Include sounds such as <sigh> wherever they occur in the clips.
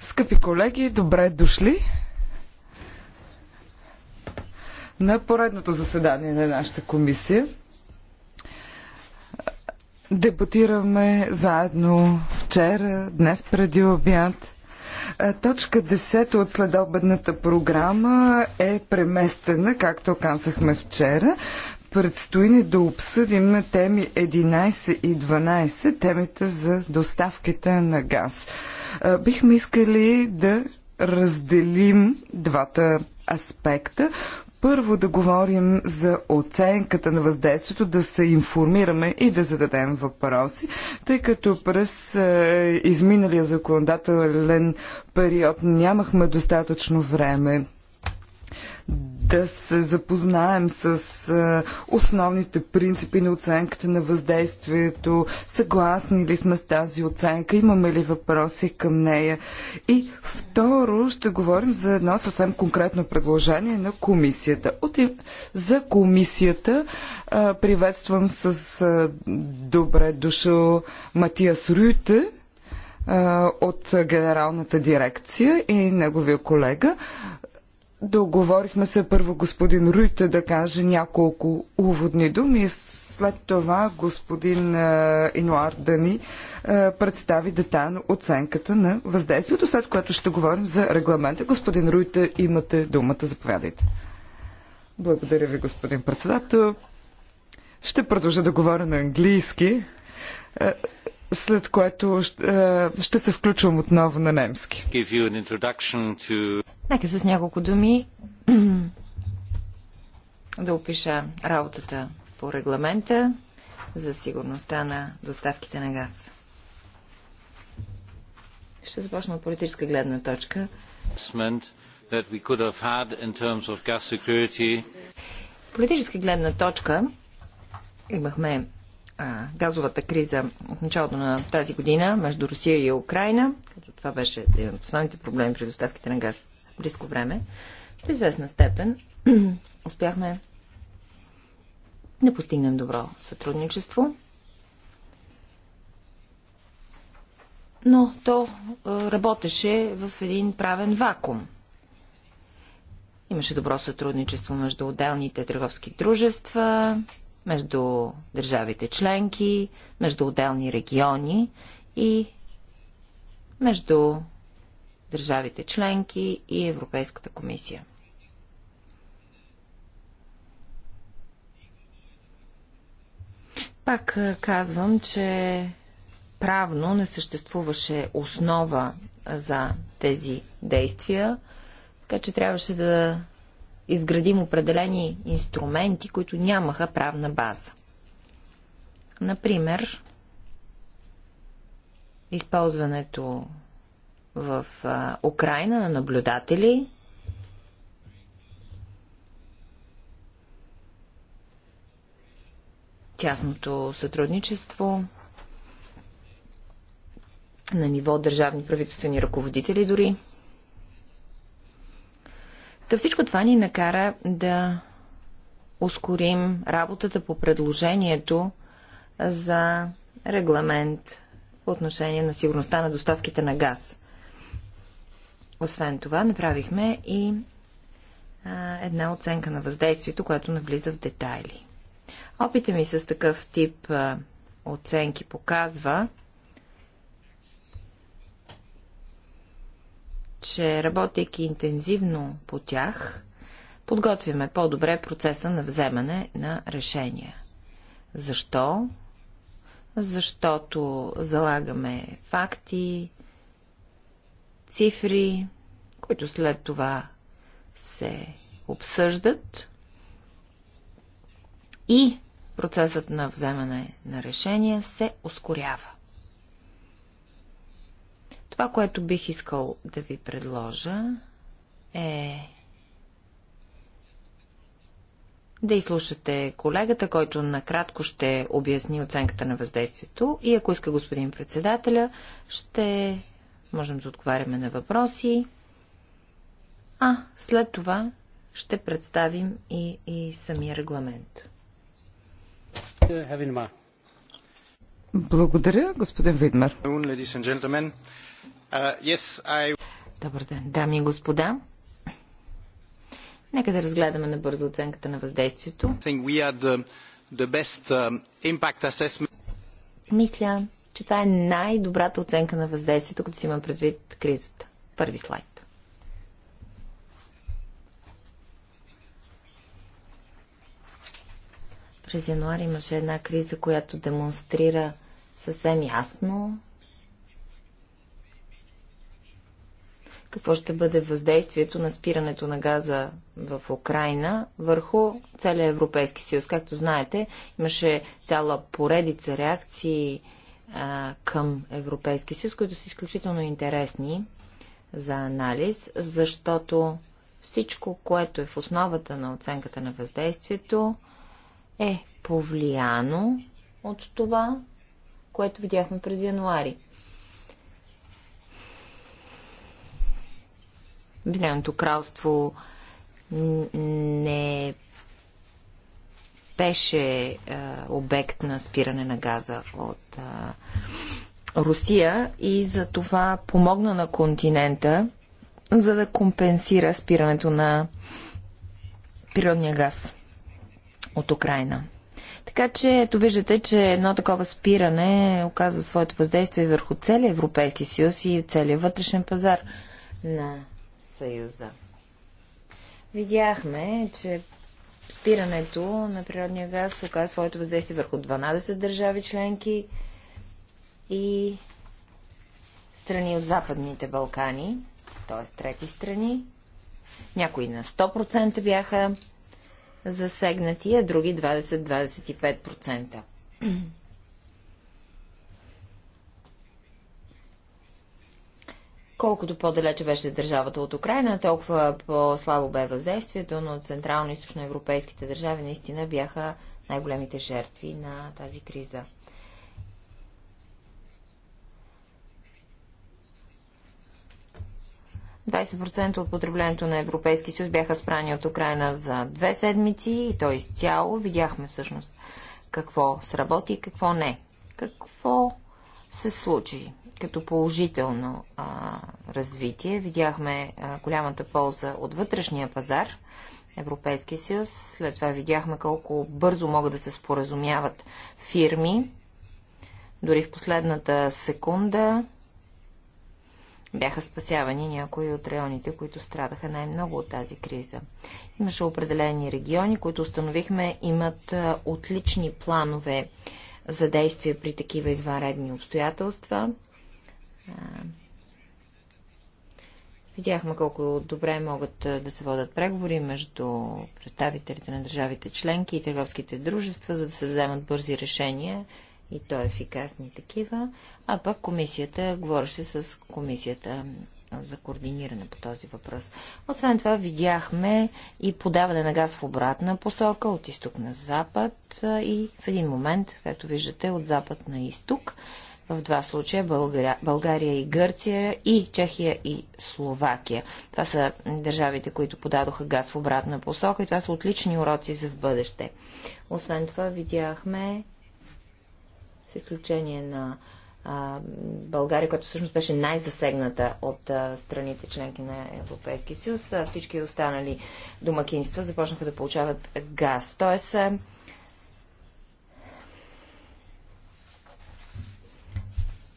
Скъпи колеги, добре дошли на поредното заседание на нашата комисия. Дебатираме заедно вчера, днес преди обяд. Е, точка 10 от следобедната програма е преместена, както казахме вчера. Предстои ни да обсъдим теми 11 и 12, темите за доставките на газ. Бихме искали да разделим двата аспекта. Първо да говорим за оценката на въздействието, да се информираме и да зададем въпроси, тъй като през е, изминалия законодателен период нямахме достатъчно време да се запознаем с основните принципи на оценката на въздействието, съгласни ли сме с тази оценка, имаме ли въпроси към нея. И второ, ще говорим за едно съвсем конкретно предложение на комисията. за комисията приветствам с добре дошъл Матиас Рюйте от генералната дирекция и неговия колега. Договорихме се първо господин Руйте да каже няколко уводни думи, след това господин Инуар е, Дани е, представи детайлно оценката на въздействието, след което ще говорим за регламента. Господин Руйте, имате думата, заповядайте. Благодаря ви, господин председател. Ще продължа да говоря на английски, е, след което ще се включвам отново на немски. Нека с няколко думи <clears throat> да опиша работата по регламента за сигурността на доставките на газ. Ще започна от политическа гледна точка. Политическа гледна точка имахме а, газовата криза от началото на тази година между Русия и Украина, като това беше един от основните проблеми при доставките на газ близко време, до известна степен <clears throat> успяхме да постигнем добро сътрудничество. Но то работеше в един правен вакуум. Имаше добро сътрудничество между отделните търговски дружества, между държавите членки, между отделни региони и между държавите членки и Европейската комисия. Пак е, казвам, че правно не съществуваше основа за тези действия, така че трябваше да изградим определени инструменти, които нямаха правна база. Например, използването в а, Украина на наблюдатели. Тясното сътрудничество на ниво държавни правителствени ръководители дори. Та всичко това ни накара да ускорим работата по предложението за регламент по отношение на сигурността на доставките на газ. Освен това, направихме и а, една оценка на въздействието, която навлиза в детайли. Опита ми с такъв тип а, оценки показва, че работейки интензивно по тях, подготвяме по-добре процеса на вземане на решения. Защо? Защото залагаме факти, цифри, които след това се обсъждат и процесът на вземане на решения се ускорява. Това, което бих искал да ви предложа е да изслушате колегата, който накратко ще обясни оценката на въздействието и ако иска господин председателя, ще можем да отговаряме на въпроси, а след това ще представим и, и самия регламент. Благодаря, господин Видмар. Добър ден, дами и господа. Нека да разгледаме набързо оценката на въздействието. Um, Мисля, че това е най-добрата оценка на въздействието, като си имам предвид кризата. Първи слайд. През януари имаше една криза, която демонстрира съвсем ясно какво ще бъде въздействието на спирането на газа в Украина върху целия Европейски съюз. Както знаете, имаше цяла поредица реакции, към Европейски съюз, които са изключително интересни за анализ, защото всичко, което е в основата на оценката на въздействието, е повлияно от това, което видяхме през януари. Обединеното кралство не е беше е, обект на спиране на газа от е, Русия и за това помогна на континента, за да компенсира спирането на природния газ от Украина. Така че, ето виждате, че едно такова спиране оказва своето въздействие върху целия Европейски съюз и целия вътрешен пазар на съюза. Видяхме, че спирането на природния газ оказа своето въздействие върху 12 държави членки и страни от Западните Балкани, т.е. трети страни. Някои на 100% бяха засегнати, а други 20-25%. Колкото по-далече беше държавата от Украина, толкова по-слабо бе въздействието, но централно и източно европейските държави наистина бяха най-големите жертви на тази криза. процента от потреблението на Европейски съюз бяха спрани от Украина за две седмици и то изцяло. Видяхме всъщност какво сработи и какво не. Какво се случи? като положително а, развитие. Видяхме а, голямата полза от вътрешния пазар, Европейския съюз. След това видяхме колко бързо могат да се споразумяват фирми. Дори в последната секунда бяха спасявани някои от районите, които страдаха най-много от тази криза. Имаше определени региони, които установихме имат отлични планове за действие при такива извънредни обстоятелства. Видяхме колко добре могат да се водят преговори между представителите на държавите членки и търговските дружества, за да се вземат бързи решения и то ефикасни такива. А пък комисията говореше с комисията за координиране по този въпрос. Освен това видяхме и подаване на газ в обратна посока, от изток на запад и в един момент, както виждате, от запад на изток в два случая България, България и Гърция и Чехия и Словакия. Това са държавите, които подадоха газ в обратна посока и това са отлични уроци за в бъдеще. Освен това видяхме, с изключение на България, която всъщност беше най-засегната от страните членки на Европейския съюз, всички останали домакинства започнаха да получават газ. Тоест,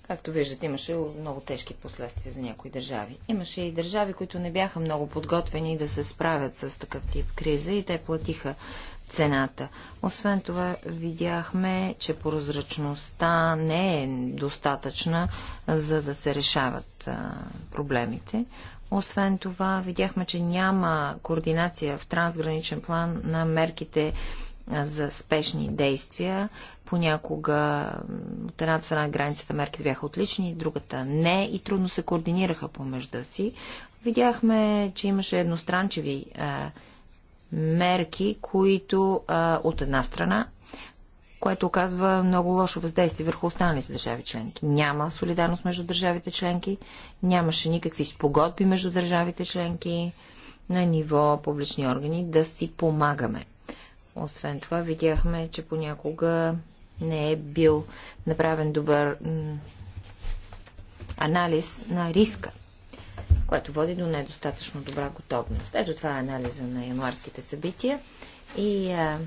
Както виждате, имаше много тежки последствия за някои държави. Имаше и държави, които не бяха много подготвени да се справят с такъв тип криза и те платиха цената. Освен това, видяхме, че прозрачността не е достатъчна, за да се решават проблемите. Освен това, видяхме, че няма координация в трансграничен план на мерките за спешни действия. Понякога от едната страна границата мерките бяха отлични, другата не и трудно се координираха помежда си. Видяхме, че имаше едностранчеви а, мерки, които а, от една страна което оказва много лошо въздействие върху останалите държави членки. Няма солидарност между държавите членки, нямаше никакви спогодби между държавите членки на ниво публични органи да си помагаме. Освен това, видяхме, че понякога не е бил направен добър анализ на риска, което води до недостатъчно добра готовност. Ето това е анализа на януарските събития и а,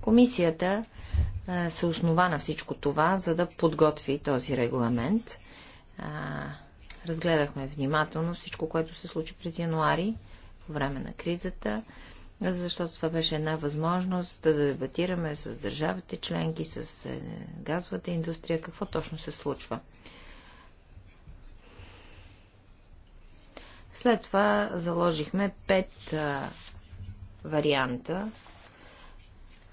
комисията а, се основа на всичко това, за да подготви този регламент. А, разгледахме внимателно всичко, което се случи през януари по време на кризата защото това беше една възможност да дебатираме с държавите членки, с е, газовата индустрия, какво точно се случва. След това заложихме пет а, варианта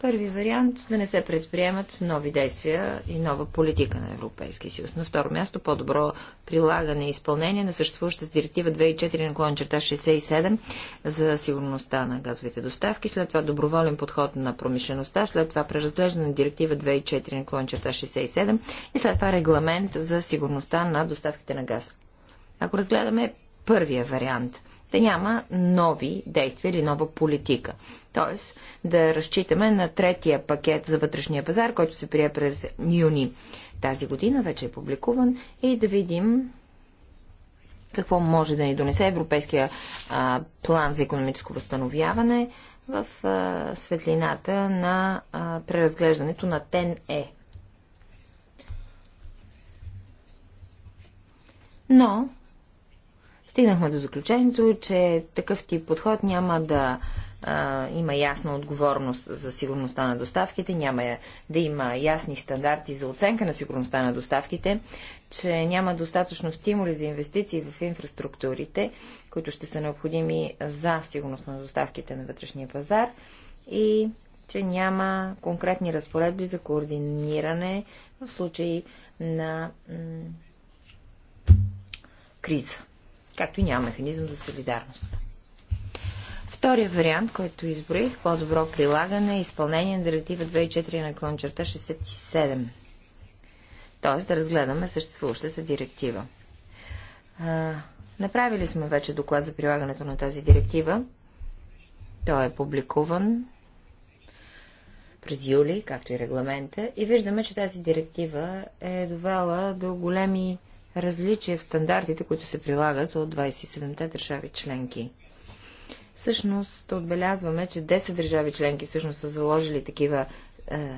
Първи вариант да не се предприемат нови действия и нова политика на Европейския съюз. На второ място по-добро прилагане и изпълнение на съществуващата директива 2004 клон черта 67 за сигурността на газовите доставки, след това доброволен подход на промишлеността, след това преразглеждане на директива 2004 клон черта 67 и след това регламент за сигурността на доставките на газ. Ако разгледаме първия вариант – да няма нови действия или нова политика. Тоест да разчитаме на третия пакет за вътрешния пазар, който се прие през юни тази година, вече е публикуван, и да видим какво може да ни донесе Европейския а, план за економическо възстановяване в а, светлината на а, преразглеждането на ТЕН-Е. Но Стигнахме до заключението, че такъв тип подход няма да а, има ясна отговорност за сигурността на доставките, няма да има ясни стандарти за оценка на сигурността на доставките, че няма достатъчно стимули за инвестиции в инфраструктурите, които ще са необходими за сигурност на доставките на вътрешния пазар и че няма конкретни разпоредби за координиране в случай на криза както и няма механизъм за солидарност. Втория вариант, който изброих, по-добро прилагане и изпълнение на директива 24 на клончерта 67. Тоест да разгледаме съществуващата директива. А, направили сме вече доклад за прилагането на тази директива. Той е публикуван през юли, както и регламента, и виждаме, че тази директива е довела до големи различие в стандартите, които се прилагат от 27-те държави членки. Всъщност отбелязваме, че 10 държави членки всъщност са заложили такива е,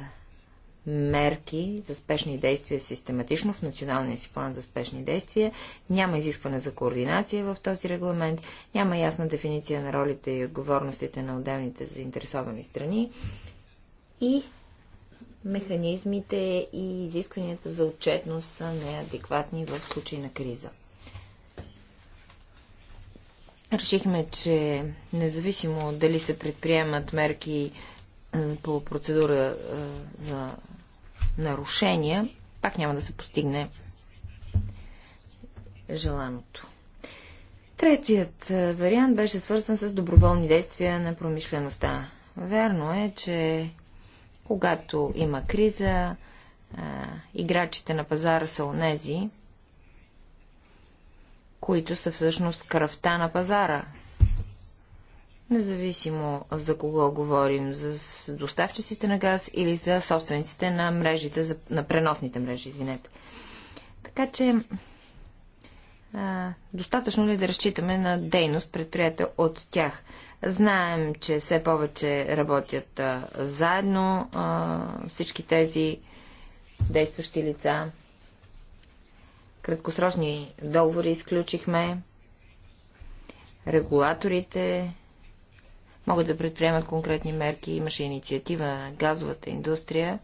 мерки за спешни действия систематично в националния си план за спешни действия. Няма изискване за координация в този регламент, няма ясна дефиниция на ролите и отговорностите на отделните заинтересовани страни и механизмите и изискванията за отчетност са неадекватни в случай на криза. Решихме, че независимо дали се предприемат мерки по процедура за нарушения, пак няма да се постигне желаното. Третият вариант беше свързан с доброволни действия на промишлеността. Вярно е, че когато има криза, играчите на пазара са онези, които са всъщност кръвта на пазара. Независимо за кого говорим, за доставчиците на газ или за собствениците на мрежите, на преносните мрежи, извинете. Така че, а, достатъчно ли е да разчитаме на дейност, предприятел от тях? Знаем, че все повече работят а, заедно а, всички тези действащи лица. Краткосрочни договори изключихме. Регулаторите могат да предприемат конкретни мерки. Имаше инициатива на газовата индустрия.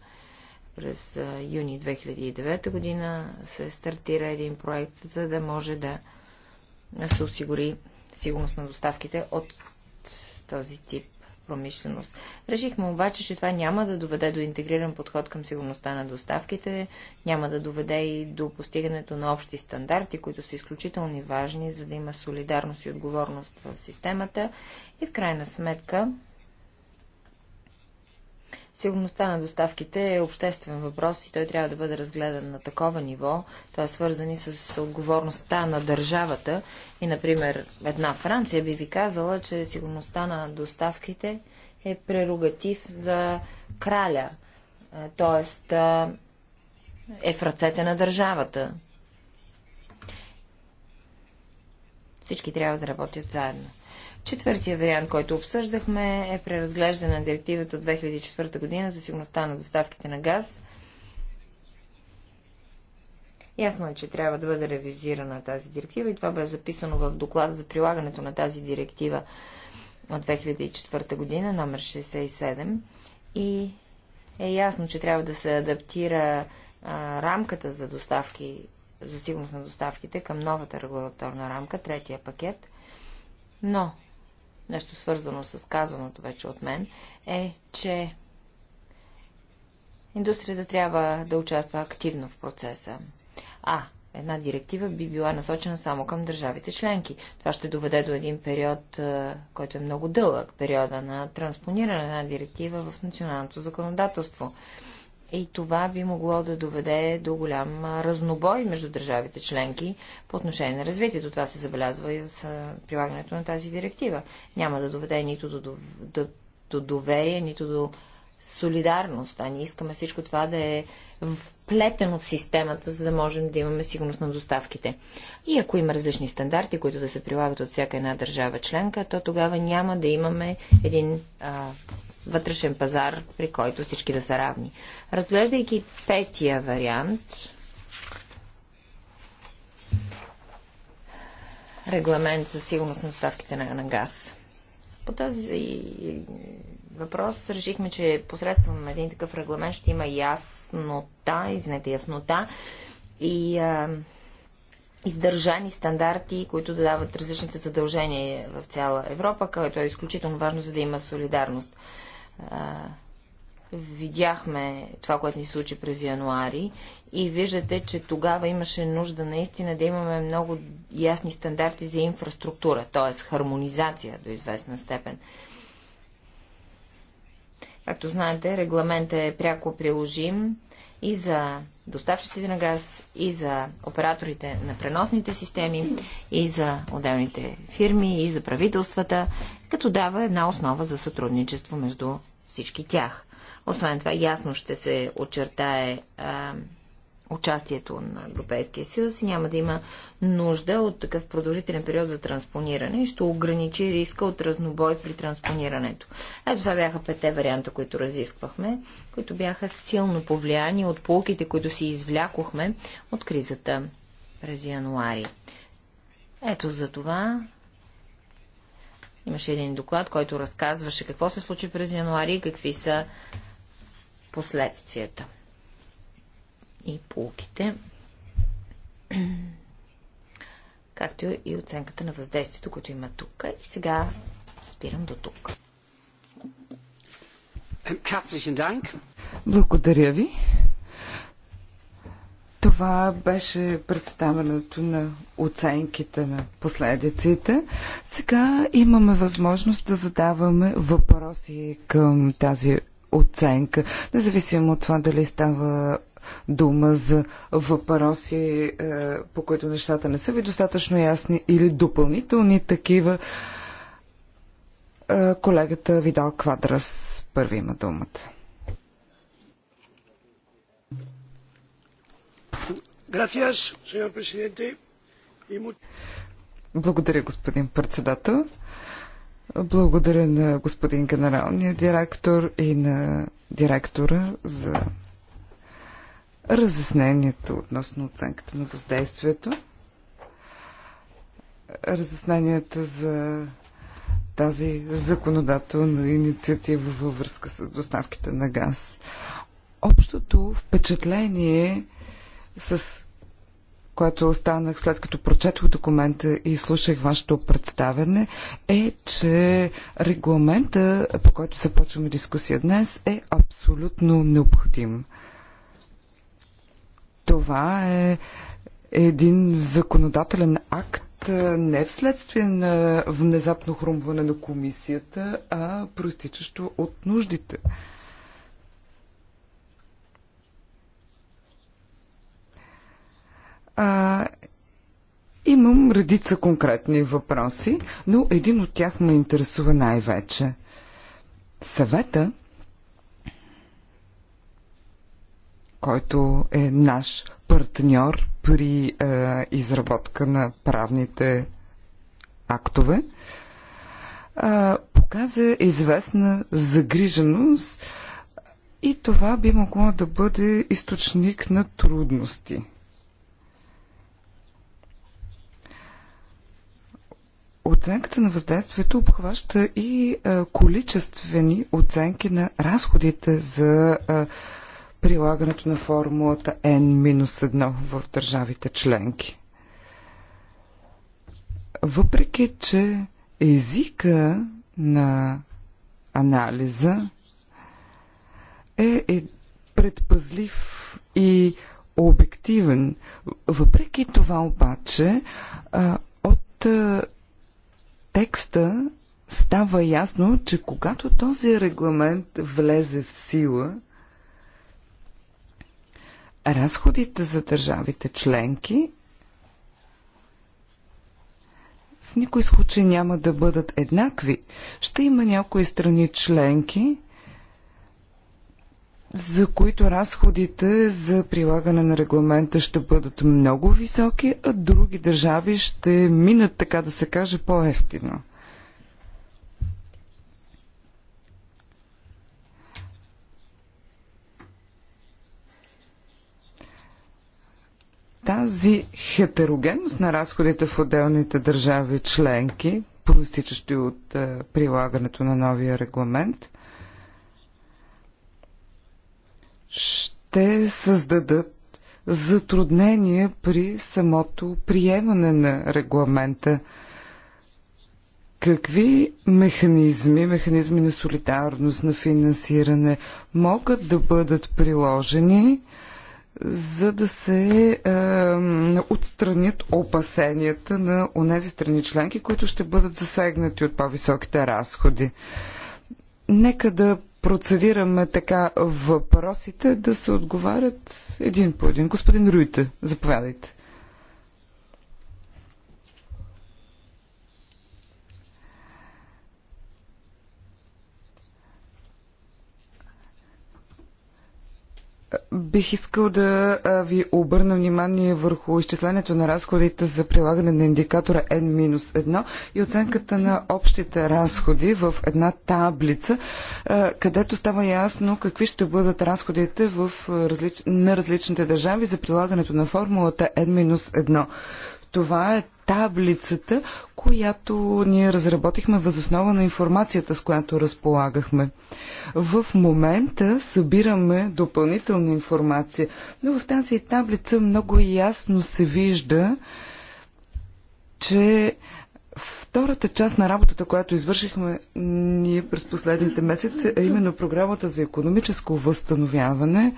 През а, юни 2009 година се стартира един проект, за да може да се осигури сигурност на доставките от този тип промишленост. Решихме обаче, че това няма да доведе до интегриран подход към сигурността на доставките, няма да доведе и до постигането на общи стандарти, които са изключително важни, за да има солидарност и отговорност в системата и в крайна сметка Сигурността на доставките е обществен въпрос и той трябва да бъде разгледан на такова ниво. Той е свързан и с отговорността на държавата. И, например, една Франция би ви казала, че сигурността на доставките е прерогатив за краля, т.е. е в ръцете на държавата. Всички трябва да работят заедно. Четвъртия вариант, който обсъждахме, е преразглеждане на директивата от 2004 година за сигурността на доставките на газ. Ясно е, че трябва да бъде ревизирана тази директива и това бе записано в доклада за прилагането на тази директива от 2004 година, номер 67. И е ясно, че трябва да се адаптира а, рамката за доставки, за сигурност на доставките към новата регулаторна рамка, третия пакет. Но нещо свързано с казаното вече от мен, е, че индустрията трябва да участва активно в процеса. А, една директива би била насочена само към държавите членки. Това ще доведе до един период, който е много дълъг, периода на транспониране на директива в националното законодателство. И това би могло да доведе до голям разнобой между държавите членки по отношение на развитието. Това се забелязва и с прилагането на тази директива. Няма да доведе нито до, до, до доверие, нито до солидарност. А ние искаме всичко това да е вплетено в системата, за да можем да имаме сигурност на доставките. И ако има различни стандарти, които да се прилагат от всяка една държава членка, то тогава няма да имаме един а, вътрешен пазар, при който всички да са равни. Разглеждайки петия вариант, регламент за сигурност на доставките на, на газ. По този въпрос решихме, че посредством един такъв регламент ще има яснота, извинете, яснота и а, издържани стандарти, които да дават различните задължения в цяла Европа, което е изключително важно, за да има солидарност видяхме това, което ни случи през януари и виждате, че тогава имаше нужда наистина да имаме много ясни стандарти за инфраструктура, т.е. хармонизация до известна степен. Както знаете, регламентът е пряко приложим и за доставчиците на газ, и за операторите на преносните системи, и за отделните фирми, и за правителствата, като дава една основа за сътрудничество между всички тях. Освен това, ясно ще се очертае а, участието на Европейския съюз и няма да има нужда от такъв продължителен период за транспониране и ще ограничи риска от разнобой при транспонирането. Ето това бяха пете варианта, които разисквахме, които бяха силно повлияни от полките, които си извлякохме от кризата през януари. Ето за това Имаше един доклад, който разказваше какво се случи през януари и какви са последствията и полуките, <clears throat> както и оценката на въздействието, което има тук. И сега спирам до тук. Благодаря ви. Това беше представенето на оценките на последиците. Сега имаме възможност да задаваме въпроси към тази оценка, независимо от това дали става дума за въпроси, е, по които нещата не са ви достатъчно ясни или допълнителни такива. Е, колегата Видал Квадрас първи има думата. Благодаря, господин председател. Благодаря на господин генералния директор и на директора за разяснението относно оценката на въздействието. Разясненията за тази законодателна инициатива във връзка с доставките на газ. Общото впечатление е, с което останах след като прочетох документа и слушах вашето представене, е, че регламента, по който започваме дискусия днес, е абсолютно необходим. Това е един законодателен акт, не вследствие на внезапно хрумване на комисията, а проистичащо от нуждите. А, имам редица конкретни въпроси, но един от тях ме интересува най-вече. Съвета, който е наш партньор при е, изработка на правните актове, е, показа известна загриженост и това би могло да бъде източник на трудности. Оценката на въздействието обхваща и количествени оценки на разходите за прилагането на формулата N-1 в държавите членки. Въпреки, че езика на анализа е, е предпазлив и обективен. Въпреки това обаче, от текста става ясно, че когато този регламент влезе в сила, разходите за държавите членки в никой случай няма да бъдат еднакви. Ще има някои страни членки, за които разходите за прилагане на регламента ще бъдат много високи, а други държави ще минат, така да се каже, по-ефтино. Тази хетерогенност на разходите в отделните държави членки, проистичащи от е, прилагането на новия регламент – ще създадат затруднения при самото приемане на регламента. Какви механизми, механизми на солидарност, на финансиране могат да бъдат приложени, за да се е, отстранят опасенията на онези страни членки, които ще бъдат засегнати от по-високите разходи? Нека да процедираме така въпросите да се отговарят един по един. Господин Руйте, заповядайте. Бих искал да ви обърна внимание върху изчислението на разходите за прилагане на индикатора N-1 и оценката на общите разходи в една таблица, където става ясно какви ще бъдат разходите в различ... на различните държави за прилагането на формулата N-1. Това е таблицата, която ние разработихме възоснова на информацията, с която разполагахме. В момента събираме допълнителна информация, но в тази таблица много ясно се вижда, че втората част на работата, която извършихме ние през последните месеци, а е именно програмата за економическо възстановяване,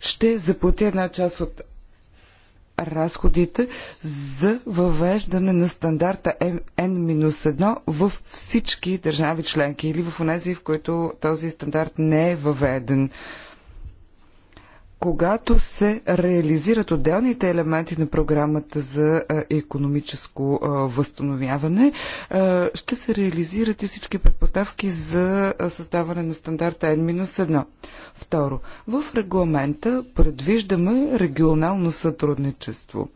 ще заплати една част от разходите за въвеждане на стандарта N-1 в всички държави членки или в онези, в които този стандарт не е въведен когато се реализират отделните елементи на програмата за економическо възстановяване, ще се реализират и всички предпоставки за създаване на стандарта N-1. Второ, в регламента предвиждаме регионално сътрудничество.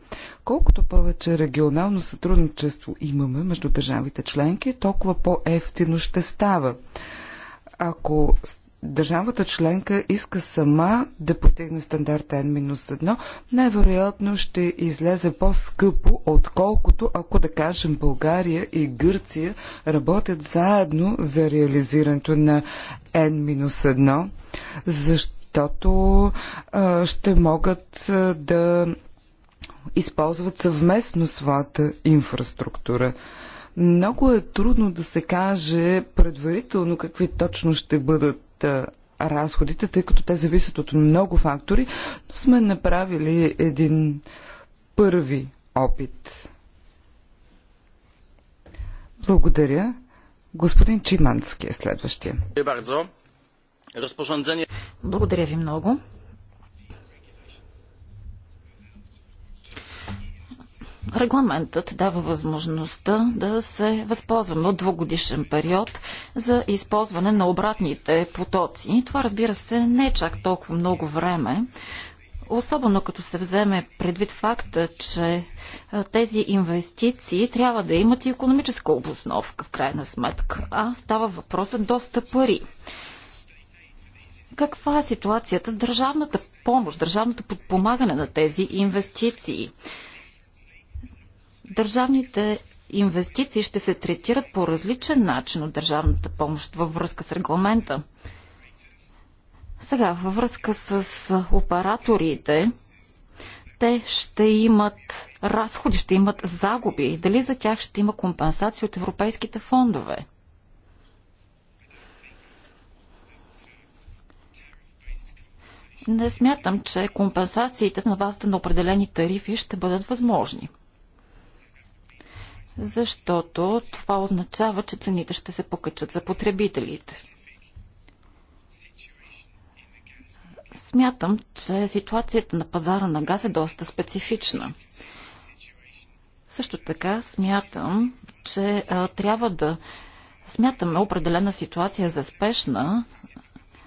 Колкото повече регионално сътрудничество имаме между държавите членки, толкова по-ефтино ще става ако държавата членка иска сама да постигне стандарт N-1, най-вероятно ще излезе по-скъпо, отколкото ако, да кажем, България и Гърция работят заедно за реализирането на N-1, защото а, ще могат а, да използват съвместно своята инфраструктура. Много е трудно да се каже предварително какви точно ще бъдат разходите, тъй като те зависят от много фактори, но сме направили един първи опит. Благодаря. Господин Чимански е следващия. Благодаря ви много. Регламентът дава възможността да се възползваме от двугодишен период за използване на обратните потоци. Това, разбира се, не е чак толкова много време, особено като се вземе предвид факта, че тези инвестиции трябва да имат и економическа обосновка, в крайна сметка, а става въпрос за доста пари. Каква е ситуацията с държавната помощ, държавното подпомагане на тези инвестиции? държавните инвестиции ще се третират по различен начин от държавната помощ във връзка с регламента. Сега, във връзка с операторите, те ще имат разходи, ще имат загуби. Дали за тях ще има компенсации от европейските фондове? Не смятам, че компенсациите на базата на определени тарифи ще бъдат възможни защото това означава, че цените ще се покачат за потребителите. Смятам, че ситуацията на пазара на газ е доста специфична. Също така смятам, че а, трябва да смятаме определена ситуация за спешна,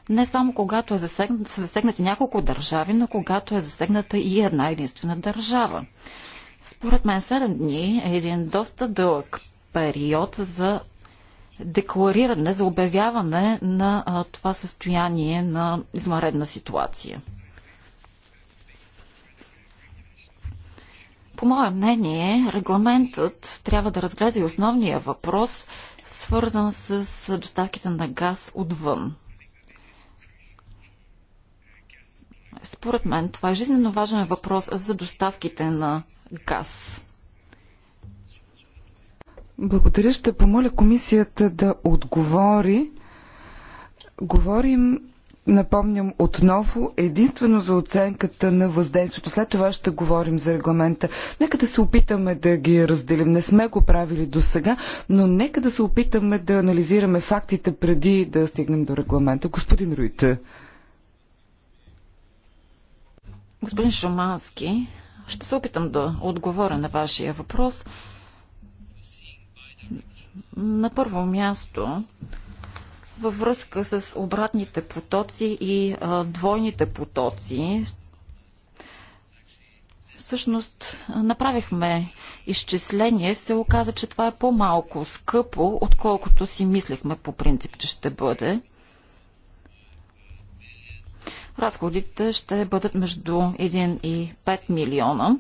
не само когато е засегнат, са засегнати няколко държави, но когато е засегната и една единствена държава. Според мен 7 дни е един доста дълъг период за деклариране, за обявяване на а, това състояние на измаредна ситуация. По мое мнение, регламентът трябва да разгледа и основния въпрос, свързан с доставките на газ отвън. Според мен това е жизненно важен въпрос за доставките на газ. Благодаря. Ще помоля комисията да отговори. Говорим, напомням отново, единствено за оценката на въздействието. След това ще говорим за регламента. Нека да се опитаме да ги разделим. Не сме го правили до сега, но нека да се опитаме да анализираме фактите преди да стигнем до регламента. Господин Руйте. Господин Шумански, ще се опитам да отговоря на вашия въпрос. На първо място, във връзка с обратните потоци и а, двойните потоци, всъщност направихме изчисление, се оказа, че това е по-малко скъпо, отколкото си мислехме по принцип, че ще бъде разходите ще бъдат между 1 и 5 милиона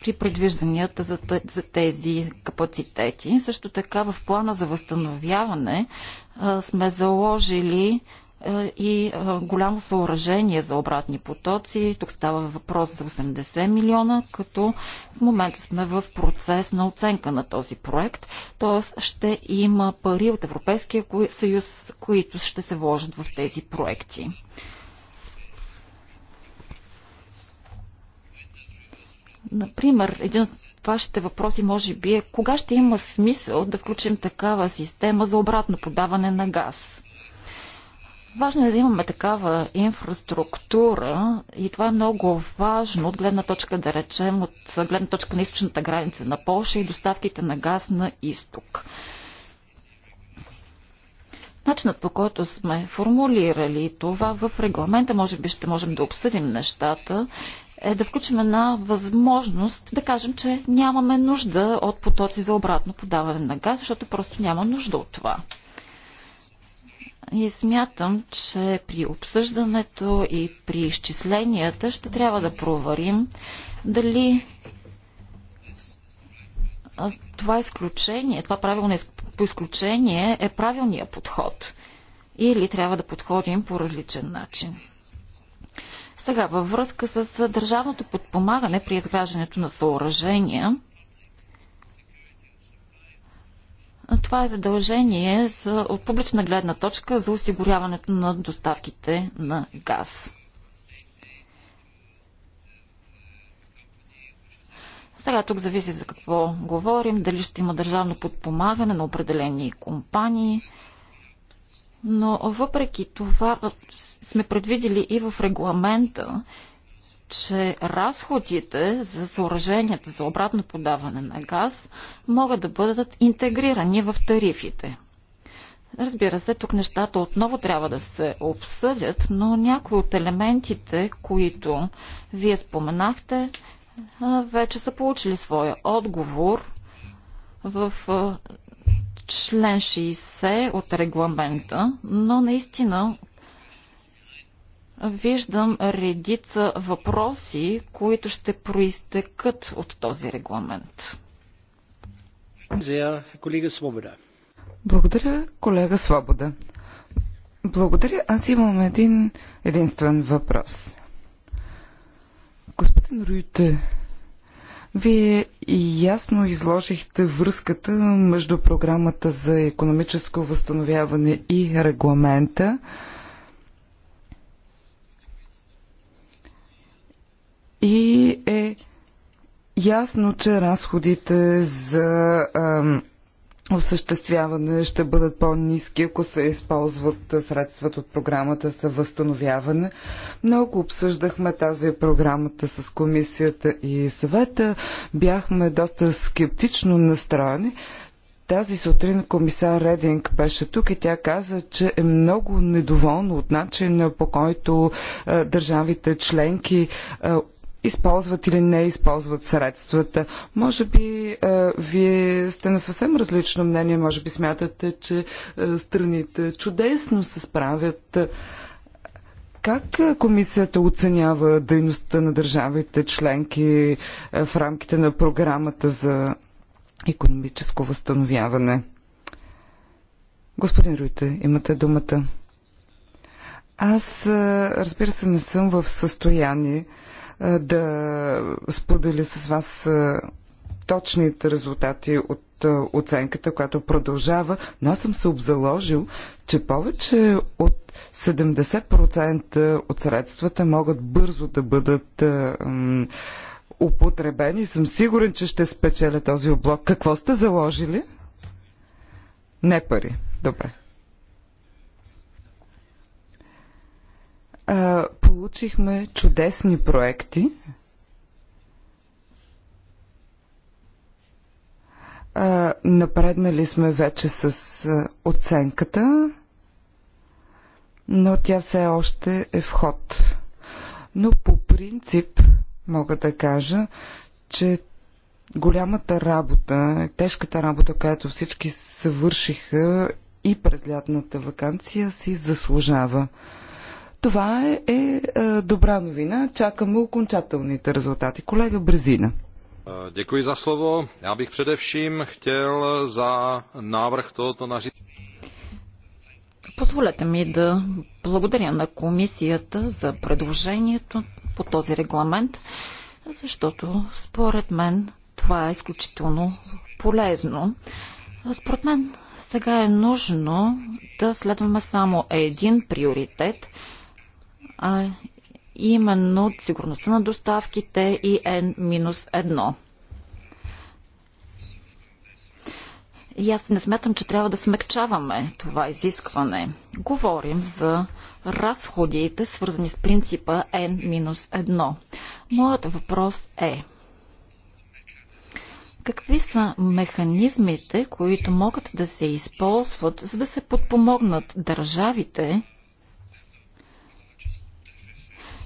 при предвижданията за, тези капацитети. Също така в плана за възстановяване сме заложили и голямо съоръжение за обратни потоци. Тук става въпрос за 80 милиона, като в момента сме в процес на оценка на този проект. Т.е. ще има пари от Европейския съюз, които ще се вложат в тези проекти. Например, един от вашите въпроси може би е кога ще има смисъл да включим такава система за обратно подаване на газ? Важно е да имаме такава инфраструктура и това е много важно от гледна точка, да речем, от гледна точка на източната граница на Польша и доставките на газ на изток. Начинът по който сме формулирали това в регламента, може би ще можем да обсъдим нещата е да включим една възможност да кажем, че нямаме нужда от потоци за обратно подаване на газ, защото просто няма нужда от това. И смятам, че при обсъждането и при изчисленията ще трябва да проверим дали това изключение, това правилно по изключение е правилният подход. Или трябва да подходим по различен начин. Сега, във връзка с държавното подпомагане при изграждането на съоръжения, това е задължение за, от публична гледна точка за осигуряването на доставките на газ. Сега тук зависи за какво говорим, дали ще има държавно подпомагане на определени компании – но въпреки това сме предвидели и в регламента, че разходите за съоръженията за обратно подаване на газ могат да бъдат интегрирани в тарифите. Разбира се, тук нещата отново трябва да се обсъдят, но някои от елементите, които вие споменахте, вече са получили своя отговор в член 60 от регламента, но наистина виждам редица въпроси, които ще проистекат от този регламент. Благодаря, колега Свобода. Благодаря. Аз имам един единствен въпрос. Господин Руйте, вие ясно изложихте връзката между програмата за економическо възстановяване и регламента. И е ясно, че разходите за ам, осъществяване ще бъдат по-низки, ако се използват средствата от програмата за възстановяване. Много обсъждахме тази програмата с комисията и съвета. Бяхме доста скептично настроени. Тази сутрин комисар Рединг беше тук и тя каза, че е много недоволна от начина по който е, държавите членки е, използват или не използват средствата. Може би а, е, вие сте на съвсем различно мнение, може би смятате, че а, е, страните чудесно се справят. Как е, комисията оценява дейността на държавите членки в рамките на програмата за економическо възстановяване? Господин Руйте, имате думата. Аз, разбира се, не съм в състояние да сподели с вас точните резултати от оценката, която продължава, но аз съм се обзаложил, че повече от 70% от средствата могат бързо да бъдат употребени и съм сигурен, че ще спечеля този облог. Какво сте заложили? Не пари. Добре. а, получихме чудесни проекти. А, напреднали сме вече с а, оценката, но тя все още е в ход. Но по принцип мога да кажа, че голямата работа, тежката работа, която всички свършиха и през лятната вакансия, си заслужава. Това е, е, е добра новина. Чакаме окончателните резултати. Колега Бразина. Děkuji za slovo. Já bych především chtěl za návrh tohoto nařízení. Позволете ми да благодаря на комисията за предложението по този регламент, защото според мен това е изключително полезно. Според мен сега е нужно да следваме само един приоритет – а именно сигурността на доставките и N-1. И аз не смятам, че трябва да смекчаваме това изискване. Говорим за разходите, свързани с принципа N-1. Моят въпрос е какви са механизмите, които могат да се използват, за да се подпомогнат държавите,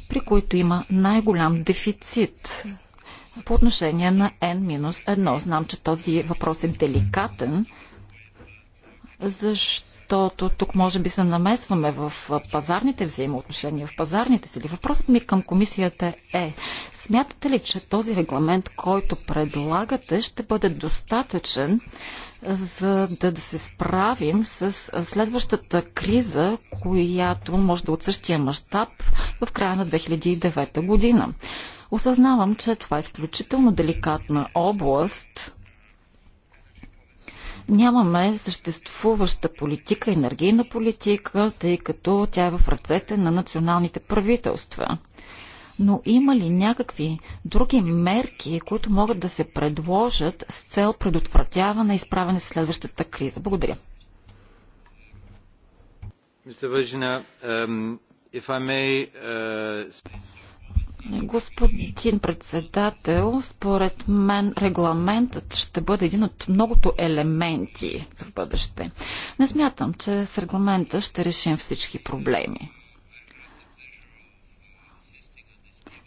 при които има най-голям дефицит по отношение на N-1. Знам, че този въпрос е деликатен, защото тук може би се намесваме в пазарните взаимоотношения, в пазарните сили. Въпросът ми към комисията е, смятате ли, че този регламент, който предлагате, ще бъде достатъчен, за да, да се справим с следващата криза, която може да е от същия мащаб в края на 2009 година. Осъзнавам, че това е изключително деликатна област. Нямаме съществуваща политика, енергийна политика, тъй като тя е в ръцете на националните правителства но има ли някакви други мерки, които могат да се предложат с цел предотвратяване и справяне с следващата криза? Благодаря. Господин председател, според мен регламентът ще бъде един от многото елементи в бъдеще. Не смятам, че с регламента ще решим всички проблеми.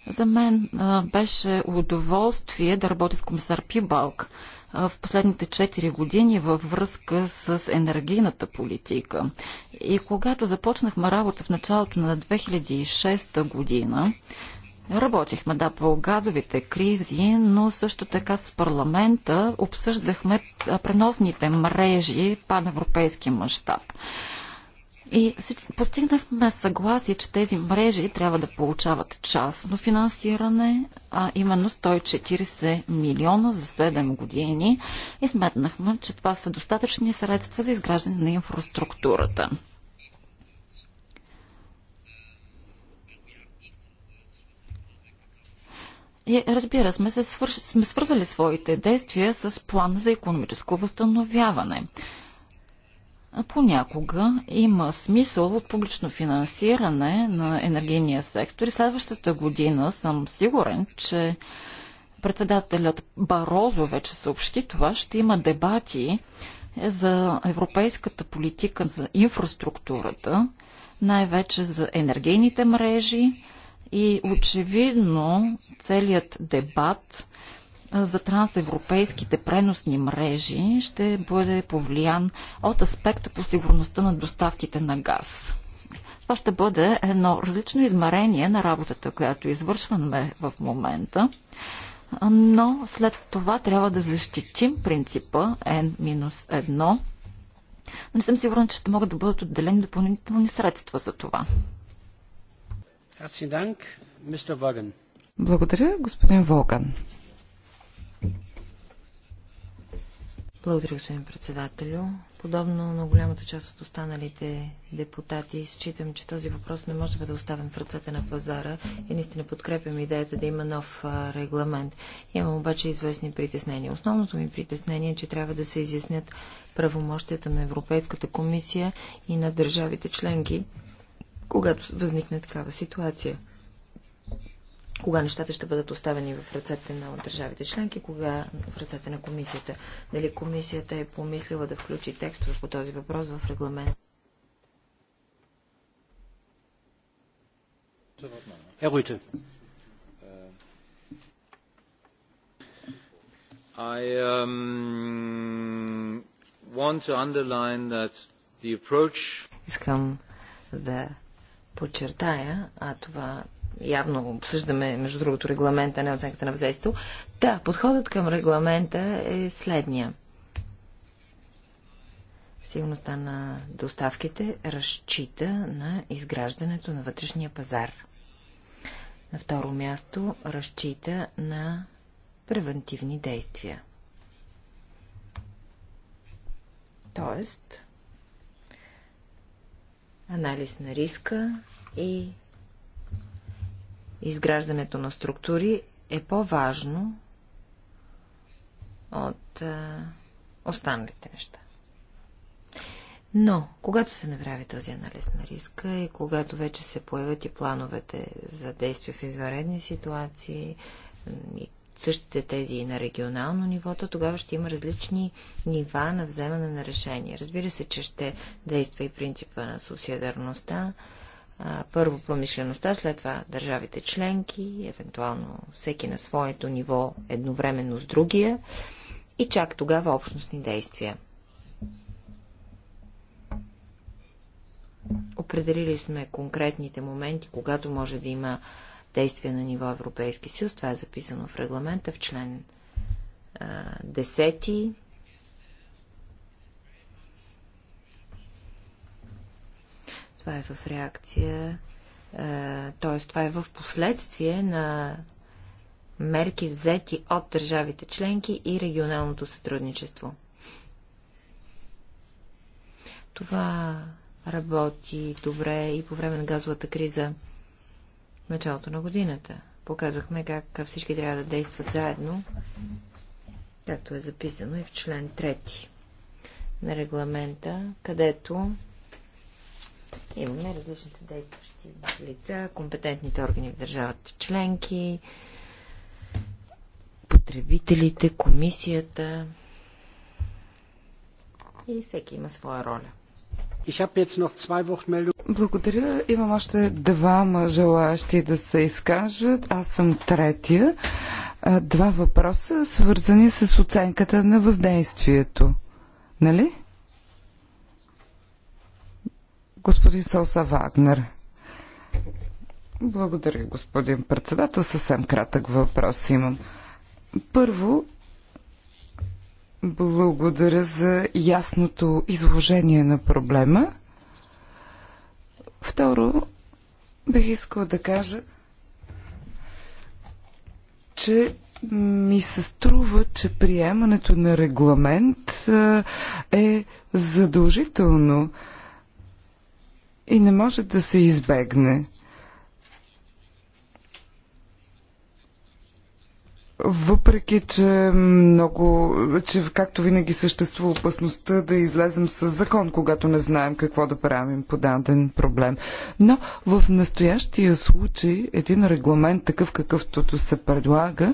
За мен а, беше удоволствие да работя с комисар Пибалк а, в последните 4 години във връзка с енергийната политика. И когато започнахме работа в началото на 2006 година, Работихме, да, по газовите кризи, но също така с парламента обсъждахме преносните мрежи паневропейски мащаб. И постигнахме съгласие, че тези мрежи трябва да получават частно финансиране, а именно 140 милиона за 7 години. И сметнахме, че това са достатъчни средства за изграждане на инфраструктурата. И разбира сме, се свърш... сме свързали своите действия с план за економическо възстановяване понякога има смисъл от публично финансиране на енергийния сектор и следващата година съм сигурен, че председателят Барозо вече съобщи това, ще има дебати за европейската политика за инфраструктурата, най-вече за енергийните мрежи и очевидно целият дебат за трансевропейските преносни мрежи ще бъде повлиян от аспекта по сигурността на доставките на газ. Това ще бъде едно различно измерение на работата, която извършваме в момента, но след това трябва да защитим принципа N-1. Не съм сигурна, че ще могат да бъдат отделени допълнителни средства за това. Благодаря, господин Волган. Благодаря, господин председателю. Подобно на голямата част от останалите депутати, считам, че този въпрос не може да бъде оставен в ръцете на пазара и наистина подкрепям идеята да има нов регламент. Имам обаче известни притеснения. Основното ми притеснение е, че трябва да се изяснят правомощията на Европейската комисия и на държавите членки, когато възникне такава ситуация кога нещата ще бъдат оставени в ръцете на държавите членки, кога в ръцете на комисията. Дали комисията е помислила да включи текстове по този въпрос в регламент? Е, I um, want to underline that the approach... Искам да подчертая, а това явно обсъждаме, между другото, регламента, не оценката на въздействието. Да, подходът към регламента е следния. Сигурността на доставките разчита на изграждането на вътрешния пазар. На второ място разчита на превентивни действия. Тоест, анализ на риска и изграждането на структури е по-важно от а, останалите неща. Но, когато се направи този анализ на риска и когато вече се появят и плановете за действие в изваредни ситуации и същите тези и на регионално ниво, то тогава ще има различни нива на вземане на решения. Разбира се, че ще действа и принципа на субсидарността, първо промишлеността, след това държавите членки, евентуално всеки на своето ниво едновременно с другия и чак тогава общностни действия. Определили сме конкретните моменти, когато може да има действия на ниво Европейски съюз. Това е записано в регламента в член 10 Това е в реакция, е, т.е. това е в последствие на мерки взети от държавите членки и регионалното сътрудничество. Това работи добре и по време на газовата криза в началото на годината. Показахме как всички трябва да действат заедно, както е записано и в член 3 на регламента, където Имаме различните действащи лица, компетентните органи в държавата членки, потребителите, комисията и всеки има своя роля. Благодаря. Имам още двама желаящи да се изкажат. Аз съм третия. Два въпроса, свързани с оценката на въздействието. Нали? господин Солса Вагнер. Благодаря, господин председател. Съвсем кратък въпрос имам. Първо, благодаря за ясното изложение на проблема. Второ, бих искал да кажа, че ми се струва, че приемането на регламент е задължително и не може да се избегне. Въпреки, че много, че както винаги съществува опасността да излезем с закон, когато не знаем какво да правим по даден проблем. Но в настоящия случай един регламент, такъв какъвто се предлага,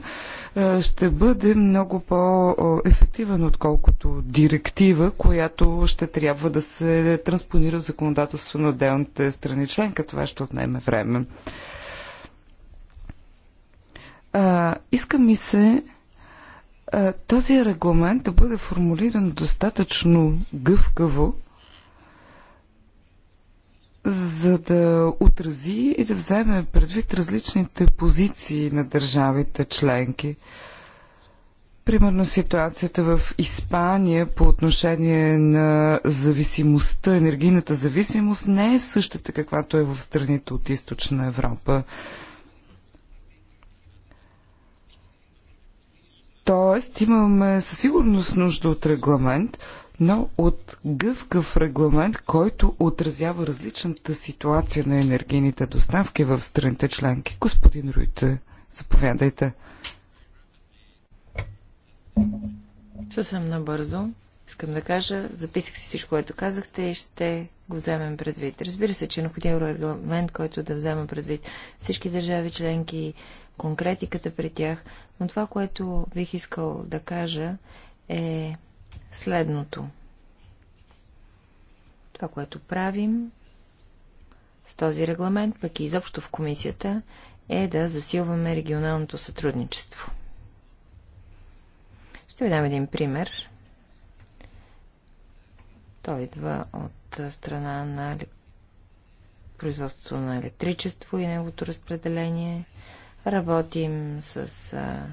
е, ще бъде много по-ефективен, отколкото директива, която ще трябва да се транспонира в законодателство на отделните страни членка. Това ще отнеме време. А, иска ми се а, този регламент да бъде формулиран достатъчно гъвкаво, за да отрази и да вземе предвид различните позиции на държавите членки. Примерно ситуацията в Испания по отношение на зависимостта, енергийната зависимост не е същата каквато е в страните от източна Европа. Тоест имаме със сигурност нужда от регламент, но от гъвкав регламент, който отразява различната ситуация на енергийните доставки в страните членки. Господин Руйте, заповядайте. Съвсем набързо. Искам да кажа, записах си всичко, което казахте и ще го вземем предвид. Разбира се, че е необходим регламент, който да взема предвид всички държави членки, конкретиката при тях, но това, което бих искал да кажа е следното. Това, което правим с този регламент, пък и изобщо в комисията, е да засилваме регионалното сътрудничество. Ще ви дам един пример. Той идва от страна на производството на електричество и неговото разпределение, Работим с а,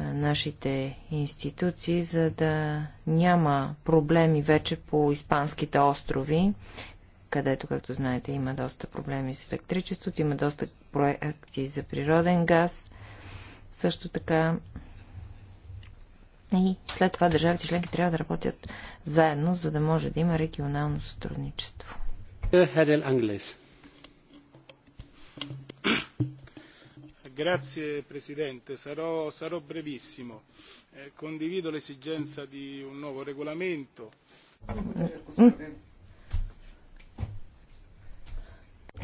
нашите институции, за да няма проблеми вече по испанските острови, където, както знаете, има доста проблеми с електричеството, има доста проекти за природен газ. Също така и след това държавите членки трябва да работят заедно, за да може да има регионално сътрудничество. Хедел Англес. Signor Presidente, sarò, brevissimo. Eh, condivido l'esigenza di un nuovo regolamento.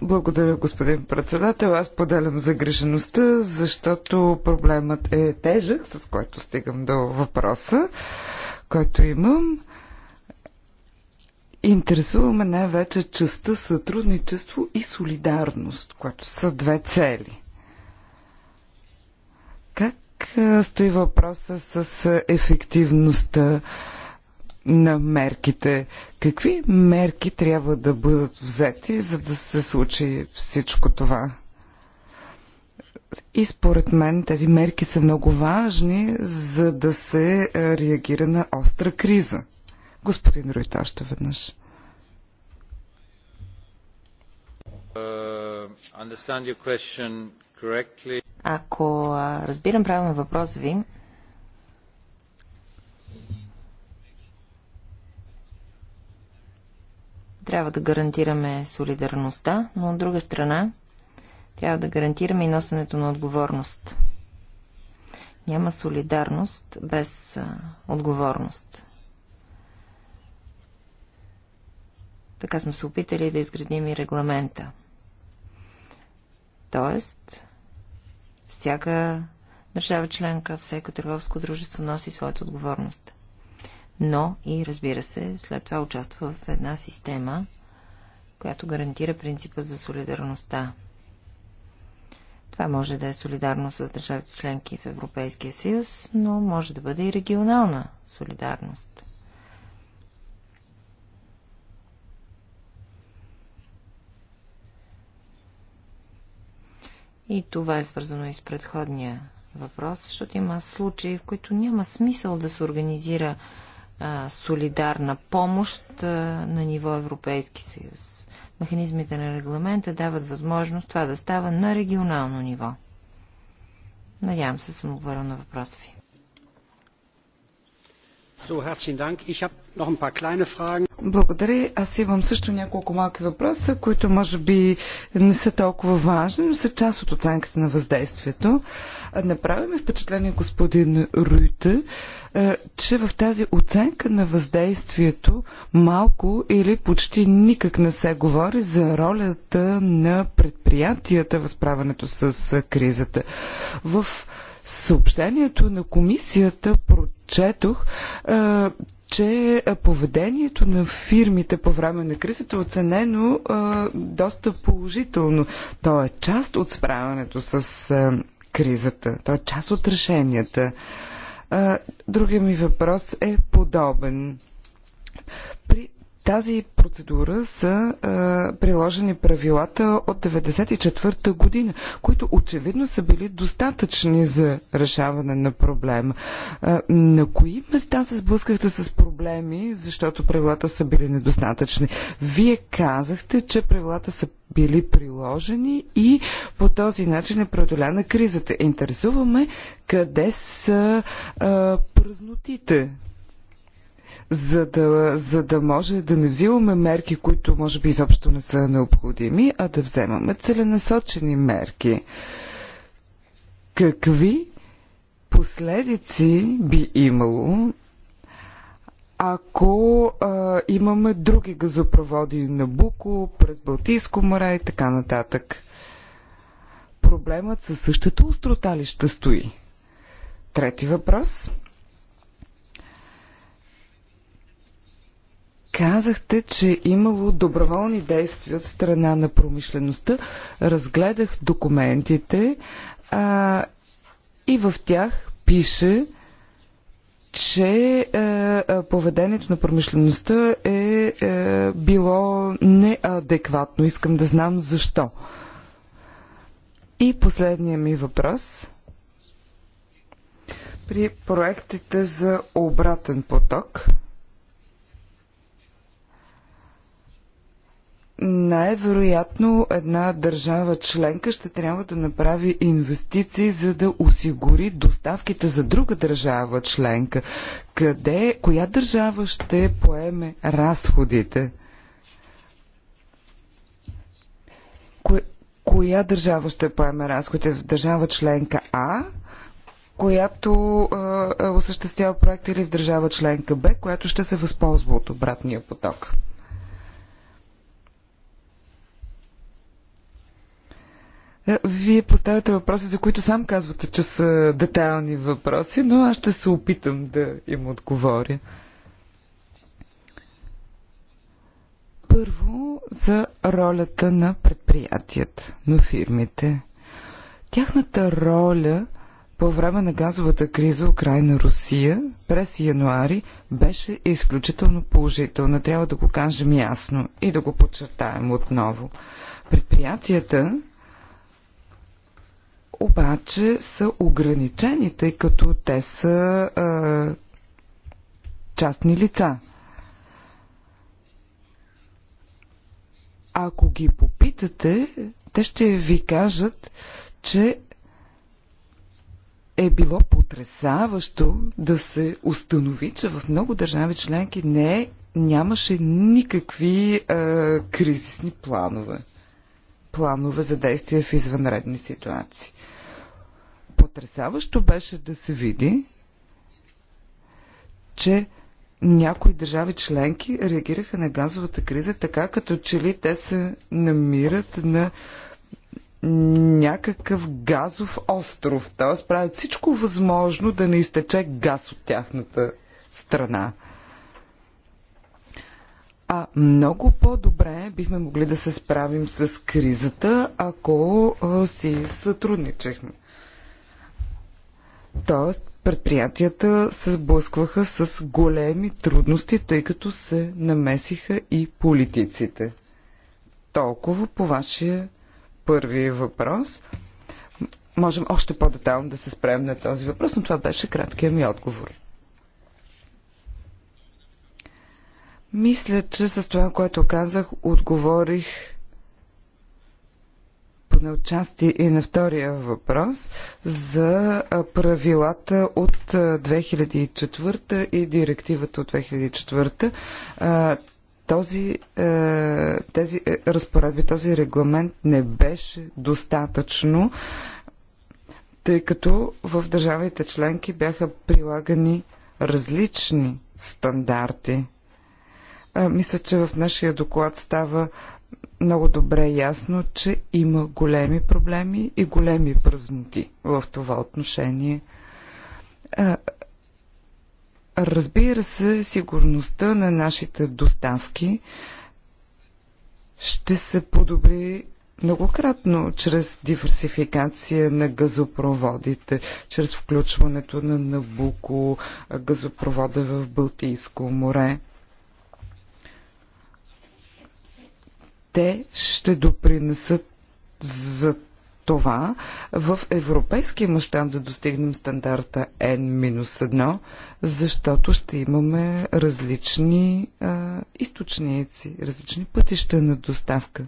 Благодаря, господин председател. Аз поделям загрижеността, защото проблемът е тежък, с който стигам до въпроса, който имам. Интересуваме най-вече частта сътрудничество и солидарност, което са две цели. Как стои въпроса с ефективността на мерките? Какви мерки трябва да бъдат взети, за да се случи всичко това? И според мен тези мерки са много важни, за да се реагира на остра криза. Господин Ройта, още веднъж. Uh, ако разбирам правилно въпроса ви, трябва да гарантираме солидарността, но от друга страна трябва да гарантираме и носенето на отговорност. Няма солидарност без отговорност. Така сме се опитали да изградим и регламента. Тоест, всяка държава членка, всяко търговско дружество носи своята отговорност. Но и, разбира се, след това участва в една система, която гарантира принципа за солидарността. Това може да е солидарно с държавите членки в Европейския съюз, но може да бъде и регионална солидарност. И това е свързано и с предходния въпрос, защото има случаи, в които няма смисъл да се организира а, солидарна помощ а, на ниво Европейски съюз. Механизмите на регламента дават възможност това да става на регионално ниво. Надявам се, съм отговорил на въпроса ви. So, herzlichen Dank. Ich habe noch ein paar kleine Fragen. Благодаря. Аз имам също няколко малки въпроса, които може би не са толкова важни, но са част от оценката на въздействието. Направи ми впечатление господин Руйте, е, че в тази оценка на въздействието малко или почти никак не се говори за ролята на предприятията в справянето с кризата. В съобщението на комисията прочетох, е, че поведението на фирмите по време на кризата е оценено а, доста положително. То е част от справянето с а, кризата. То е част от решенията. Другия ми въпрос е подобен. При тази процедура са а, приложени правилата от 1994 година, които очевидно са били достатъчни за решаване на проблема. А, на кои места се сблъскахте с проблеми, защото правилата са били недостатъчни? Вие казахте, че правилата са били приложени и по този начин е преодоляна кризата. Интересуваме къде са а, празнотите за да, за да може да не взимаме мерки, които може би изобщо не са необходими, а да вземаме целенасочени мерки. Какви последици би имало, ако а, имаме други газопроводи на Буко, през Балтийско море и така нататък? Проблемът със същата острота ли ще стои? Трети въпрос – Казахте, че имало доброволни действия от страна на промишлеността. Разгледах документите а, и в тях пише, че а, е, е, поведението на промишлеността е, а, е, било неадекватно. Искам да знам защо. И последния ми въпрос. При проектите за обратен поток – най-вероятно една държава членка ще трябва да направи инвестиции, за да осигури доставките за друга държава членка. Къде, коя държава ще поеме разходите? Ко, коя държава ще поеме разходите? В държава членка А? която е, осъществява проекта или в държава членка Б, която ще се възползва от обратния поток. Е, вие поставяте въпроси, за които сам казвате, че са детайлни въпроси, но аз ще се опитам да им отговоря. Първо за ролята на предприятията, на фирмите. Тяхната роля по време на газовата криза Украина-Русия през януари беше изключително положителна. Трябва да го кажем ясно и да го подчертаем отново. Предприятията обаче са ограничени, тъй като те са а, частни лица. Ако ги попитате, те ще ви кажат, че е било потрясаващо да се установи, че в много държави членки не нямаше никакви а, кризисни планове. Планове за действие в извънредни ситуации. Потрясаващо беше да се види, че някои държави членки реагираха на газовата криза така, като че ли те се намират на някакъв газов остров. Т.е. правят всичко възможно да не изтече газ от тяхната страна. А много по-добре бихме могли да се справим с кризата, ако си сътрудничехме. Тоест, предприятията се сблъскваха с големи трудности, тъй като се намесиха и политиците. Толкова по вашия първи въпрос. Можем още по-детално да се спрем на този въпрос, но това беше краткият ми отговор. Мисля, че с това, което казах, отговорих на отчасти и на втория въпрос за правилата от 2004 и директивата от 2004. Този, тези е, разпоредби, този регламент не беше достатъчно, тъй като в държавите членки бяха прилагани различни стандарти мисля, че в нашия доклад става много добре е ясно, че има големи проблеми и големи празноти в това отношение. Разбира се, сигурността на нашите доставки ще се подобри многократно чрез диверсификация на газопроводите, чрез включването на Набуко, газопровода в Балтийско море. те ще допринесат за това в европейския мащаб да достигнем стандарта N-1, защото ще имаме различни а, източници, различни пътища на доставка.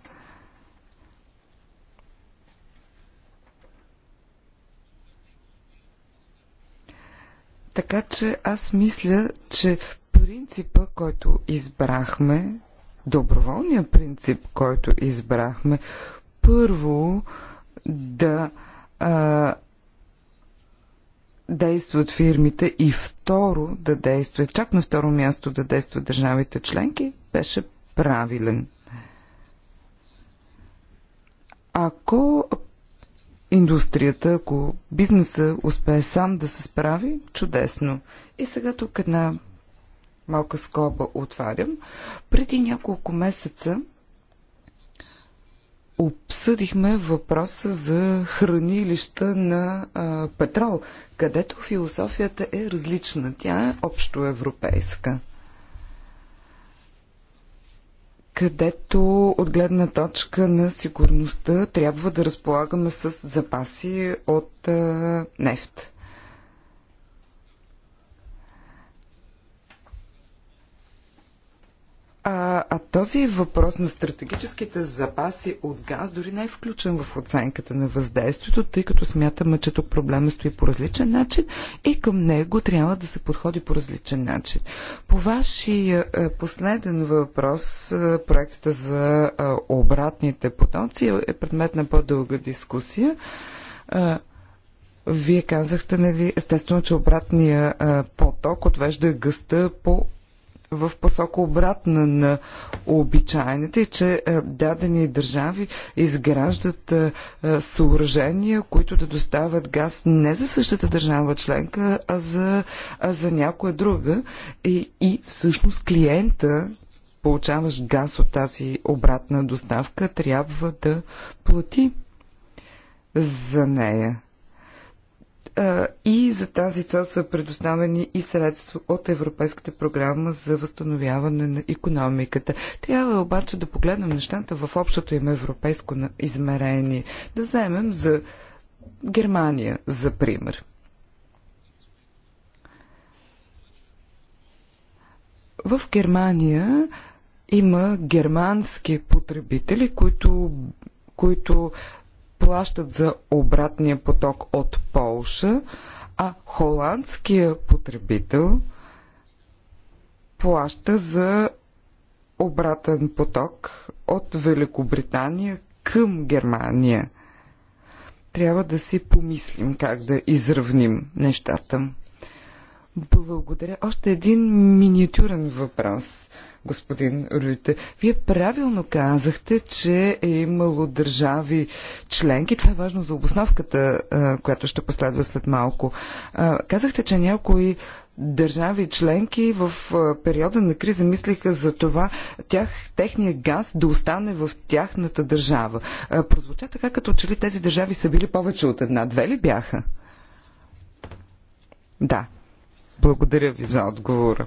Така че аз мисля, че принципа, който избрахме Доброволният принцип, който избрахме, първо да а, действат фирмите и второ да действат, чак на второ място да действат държавите членки, беше правилен. Ако индустрията, ако бизнеса успее сам да се справи, чудесно. И сега тук една Малка скоба отварям. Преди няколко месеца обсъдихме въпроса за хранилища на а, петрол, където философията е различна. Тя е общоевропейска. Където от гледна точка на сигурността трябва да разполагаме с запаси от а, нефт. А, а този въпрос на стратегическите запаси от газ дори не е включен в оценката на въздействието, тъй като смятаме, че тук проблема стои по различен начин и към него трябва да се подходи по различен начин. По вашия е, последен въпрос, е, проектата за е, обратните потоци е предмет на по-дълга дискусия. Вие казахте, нали, естествено, че обратния поток отвежда гъста по в посока обратна на обичайните и че е, дадени държави изграждат е, е, съоръжения, които да доставят газ не за същата държава членка, а за, а за някоя друга. И, и всъщност клиента, получаваш газ от тази обратна доставка, трябва да плати за нея и за тази цел са предоставени и средства от Европейската програма за възстановяване на економиката. Трябва обаче да погледнем нещата в общото им европейско измерение. Да вземем за Германия, за пример. В Германия има германски потребители, които, които плащат за обратния поток от Полша, а холандския потребител плаща за обратен поток от Великобритания към Германия. Трябва да си помислим как да изравним нещата. Благодаря. Още един миниатюрен въпрос господин Рюйте. Вие правилно казахте, че е имало държави членки. Това е важно за обосновката, която ще последва след малко. Казахте, че някои държави членки в периода на криза мислиха за това тях, техния газ да остане в тяхната държава. Прозвуча така, като че ли тези държави са били повече от една. Две ли бяха? Да. Благодаря ви за отговора.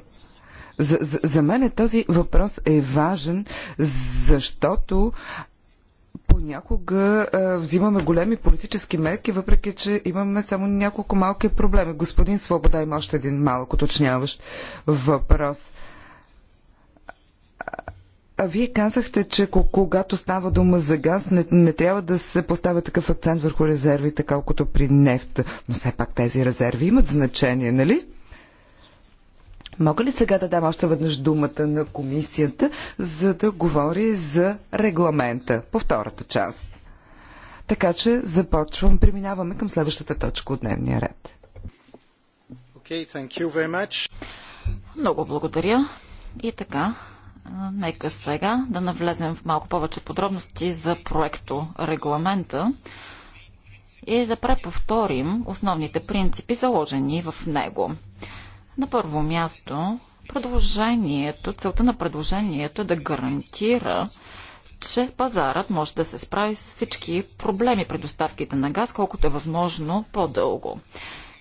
За, за, за мен е този въпрос е важен, защото понякога а, взимаме големи политически мерки, въпреки че имаме само няколко малки проблеми. Господин Свобода има още един малък уточняващ въпрос. А вие казахте, че когато става дума за газ, не, не трябва да се поставя такъв акцент върху резервите, колкото при нефт. Но все пак тези резерви имат значение, нали? Мога ли сега да дам още веднъж думата на комисията, за да говори за регламента по втората част? Така че започвам, преминаваме към следващата точка от дневния ред. Okay, thank you very much. Много благодаря. И така, нека сега да навлезем в малко повече подробности за проекто регламента и да преповторим основните принципи, заложени в него. На първо място, предложението, целта на предложението е да гарантира, че пазарът може да се справи с всички проблеми при доставките на газ, колкото е възможно по-дълго.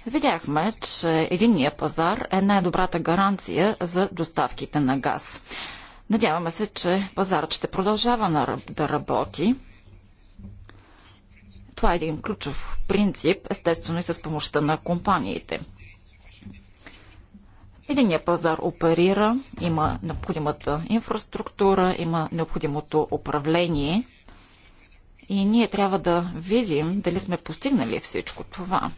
Видяхме, че единният пазар е най-добрата гаранция за доставките на газ. Надяваме се, че пазарът ще продължава да работи. Това е един ключов принцип, естествено и с помощта на компаниите. Единият пазар оперира, има необходимата инфраструктура, има необходимото управление и ние трябва да видим дали сме постигнали всичко това.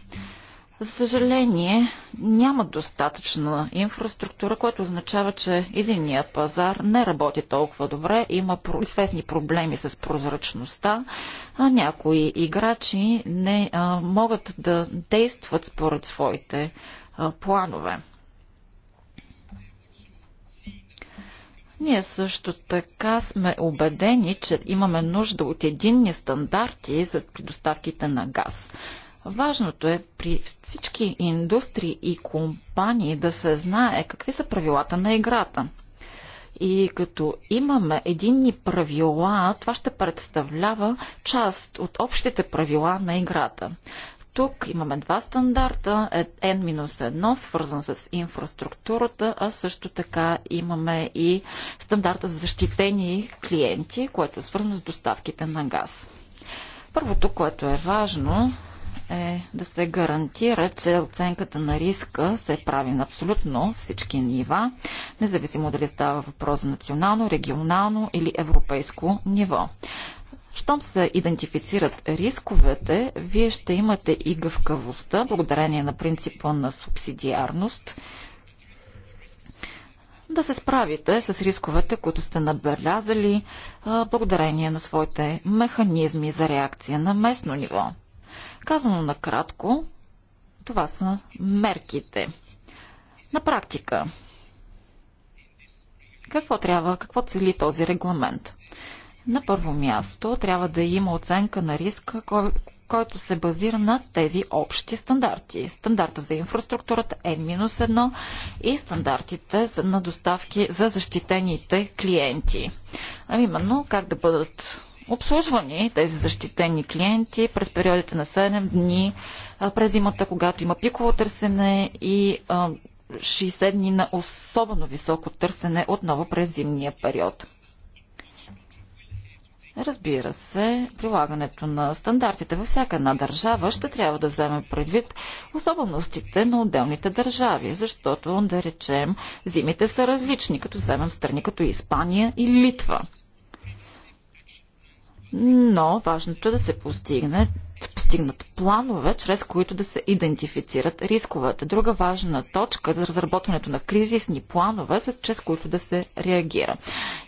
За съжаление, няма достатъчна инфраструктура, което означава, че единият пазар не работи толкова добре. Има известни проблеми с прозрачността. А някои играчи не а, могат да действат според своите а, планове. Ние също така сме убедени, че имаме нужда от единни стандарти за предоставките на газ. Важното е при всички индустрии и компании да се знае какви са правилата на играта. И като имаме единни правила, това ще представлява част от общите правила на играта. Тук имаме два стандарта. N-1, свързан с инфраструктурата, а също така имаме и стандарта за защитени клиенти, което е свързано с доставките на газ. Първото, което е важно, е да се гарантира, че оценката на риска се прави на абсолютно всички нива, независимо дали става въпрос за национално, регионално или европейско ниво. Щом се идентифицират рисковете, вие ще имате и гъвкавостта, благодарение на принципа на субсидиарност, да се справите с рисковете, които сте набелязали благодарение на своите механизми за реакция на местно ниво. Казано накратко, това са мерките. На практика, какво трябва, какво цели този регламент? На първо място трябва да има оценка на риска, кой, който се базира на тези общи стандарти. Стандарта за инфраструктурата N-1 е и стандартите на доставки за защитените клиенти. А именно как да бъдат обслужвани тези защитени клиенти през периодите на 7 дни, през зимата, когато има пиково търсене и 60 дни на особено високо търсене отново през зимния период. Разбира се, прилагането на стандартите във всяка една държава ще трябва да вземе предвид особеностите на отделните държави, защото, да речем, зимите са различни, като вземем страни като Испания и Литва. Но важното е да се постигне постигнат планове, чрез които да се идентифицират рисковете. Друга важна точка за разработването на кризисни планове, с чрез които да се реагира.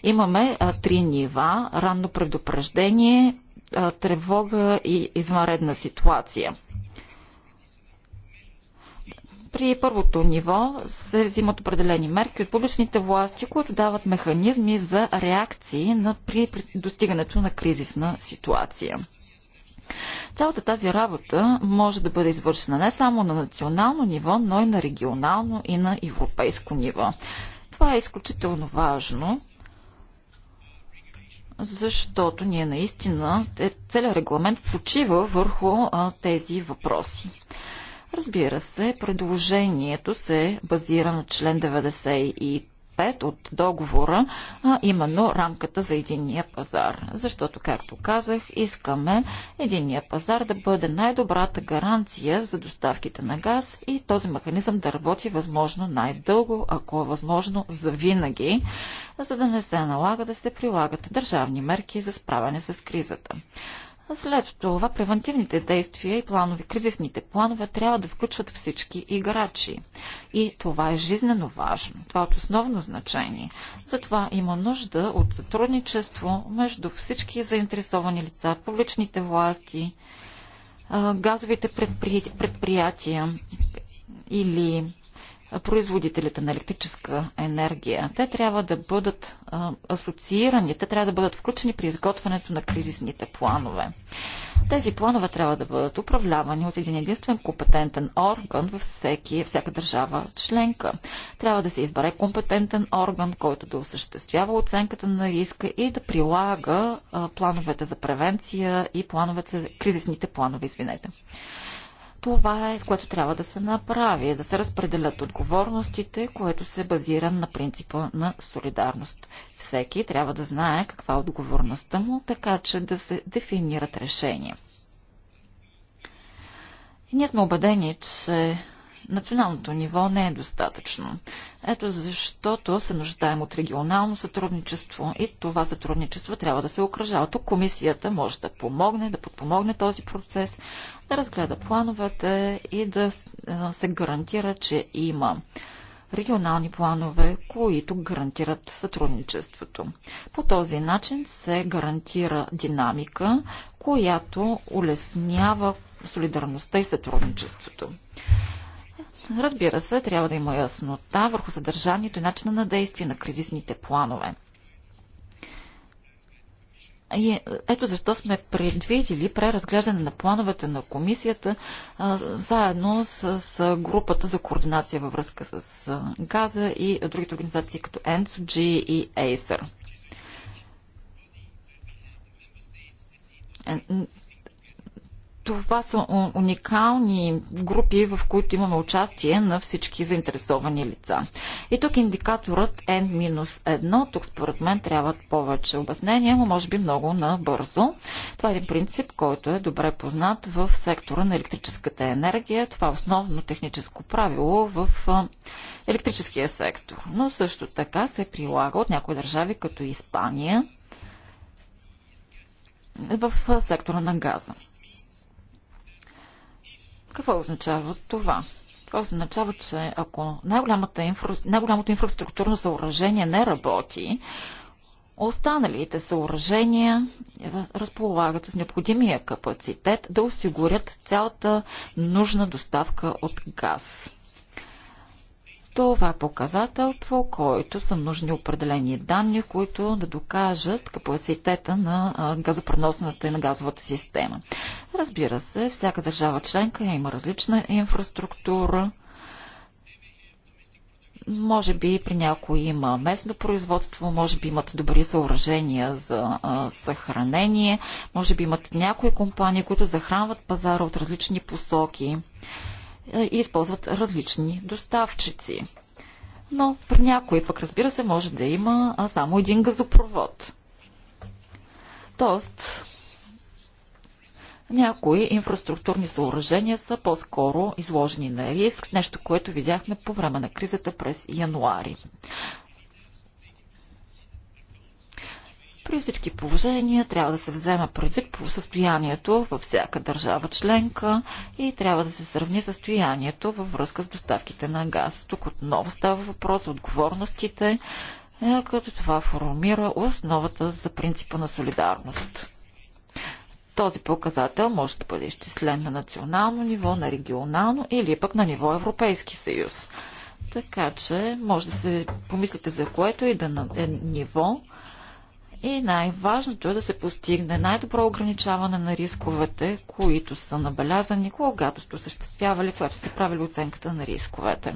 Имаме а, три нива ранно предупреждение, а, тревога и извънредна ситуация. При първото ниво се взимат определени мерки от публичните власти, които дават механизми за реакции на, при достигането на кризисна ситуация. Цялата тази работа може да бъде извършена не само на национално ниво, но и на регионално и на европейско ниво. Това е изключително важно, защото ние наистина, целият регламент почива върху а, тези въпроси. Разбира се, предложението се базира на член 93 5 от договора, а именно рамката за единния пазар. Защото, както казах, искаме единния пазар да бъде най-добрата гаранция за доставките на газ и този механизъм да работи възможно най-дълго, ако е възможно за винаги, за да не се налага да се прилагат държавни мерки за справяне с кризата. След това превентивните действия и планови, кризисните планове трябва да включват всички играчи. И това е жизненно важно. Това е от основно значение. Затова има нужда от сътрудничество между всички заинтересовани лица, публичните власти, газовите предприятия или производителите на електрическа енергия. Те трябва да бъдат асоциирани, те трябва да бъдат включени при изготвянето на кризисните планове. Тези планове трябва да бъдат управлявани от един единствен компетентен орган във всеки, всяка държава членка. Трябва да се избере компетентен орган, който да осъществява оценката на риска и да прилага а, плановете за превенция и плановете, кризисните планове, извинете. Това е, което трябва да се направи, е да се разпределят отговорностите, което се базира на принципа на солидарност. Всеки трябва да знае каква е отговорността му, така че да се дефинират решения. И ние сме убедени, че националното ниво не е достатъчно. Ето защото се нуждаем от регионално сътрудничество и това сътрудничество трябва да се окръжава. Тук комисията може да помогне, да подпомогне този процес, да разгледа плановете и да се гарантира, че има регионални планове, които гарантират сътрудничеството. По този начин се гарантира динамика, която улеснява солидарността и сътрудничеството. Разбира се, трябва да има яснота върху съдържанието и начина на действие на кризисните планове. И ето защо сме предвидили преразглеждане на плановете на комисията а, заедно с, с групата за координация във връзка с а, ГАЗа и другите организации като ENSOG и ACER. Е, това са уникални групи, в които имаме участие на всички заинтересовани лица. И тук индикаторът N-1. Тук според мен трябват повече обяснения, но може би много набързо. Това е един принцип, който е добре познат в сектора на електрическата енергия. Това е основно техническо правило в електрическия сектор. Но също така се прилага от някои държави, като Испания, в сектора на газа. Какво означава това? Това означава, че ако най-голямото инфра... най инфраструктурно съоръжение не работи, останалите съоръжения разполагат с необходимия капацитет да осигурят цялата нужна доставка от газ. Това е показател, по който са нужни определени данни, които да докажат капацитета на газопреносната и на газовата система. Разбира се, всяка държава членка има различна инфраструктура. Може би при някои има местно производство, може би имат добри съоръжения за а, съхранение, може би имат някои компании, които захранват пазара от различни посоки. Е, и използват различни доставчици. Но при някои пък, разбира се, може да има само един газопровод. Тоест, някои инфраструктурни съоръжения са по-скоро изложени на риск, нещо, което видяхме по време на кризата през януари. При всички положения трябва да се взема предвид по състоянието във всяка държава членка и трябва да се сравни състоянието във връзка с доставките на газ. Тук отново става въпрос за отговорностите, е, като това формира основата за принципа на солидарност. Този показател може да бъде изчислен на национално ниво, на регионално или пък на ниво Европейски съюз. Така че може да се помислите за което и да е ниво, и най-важното е да се постигне най-добро ограничаване на рисковете, които са набелязани, когато сте осъществявали, когато сте правили оценката на рисковете.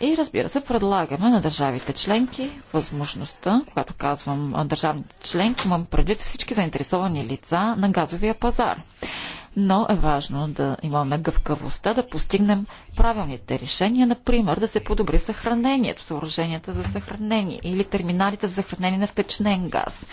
И разбира се, предлагаме на държавите членки възможността, когато казвам държавните членки, имам предвид всички заинтересовани лица на газовия пазар но е важно да имаме гъвкавостта да постигнем правилните решения, например да се подобри съхранението, съоръженията за съхранение или терминалите за съхранение на втечнен газ.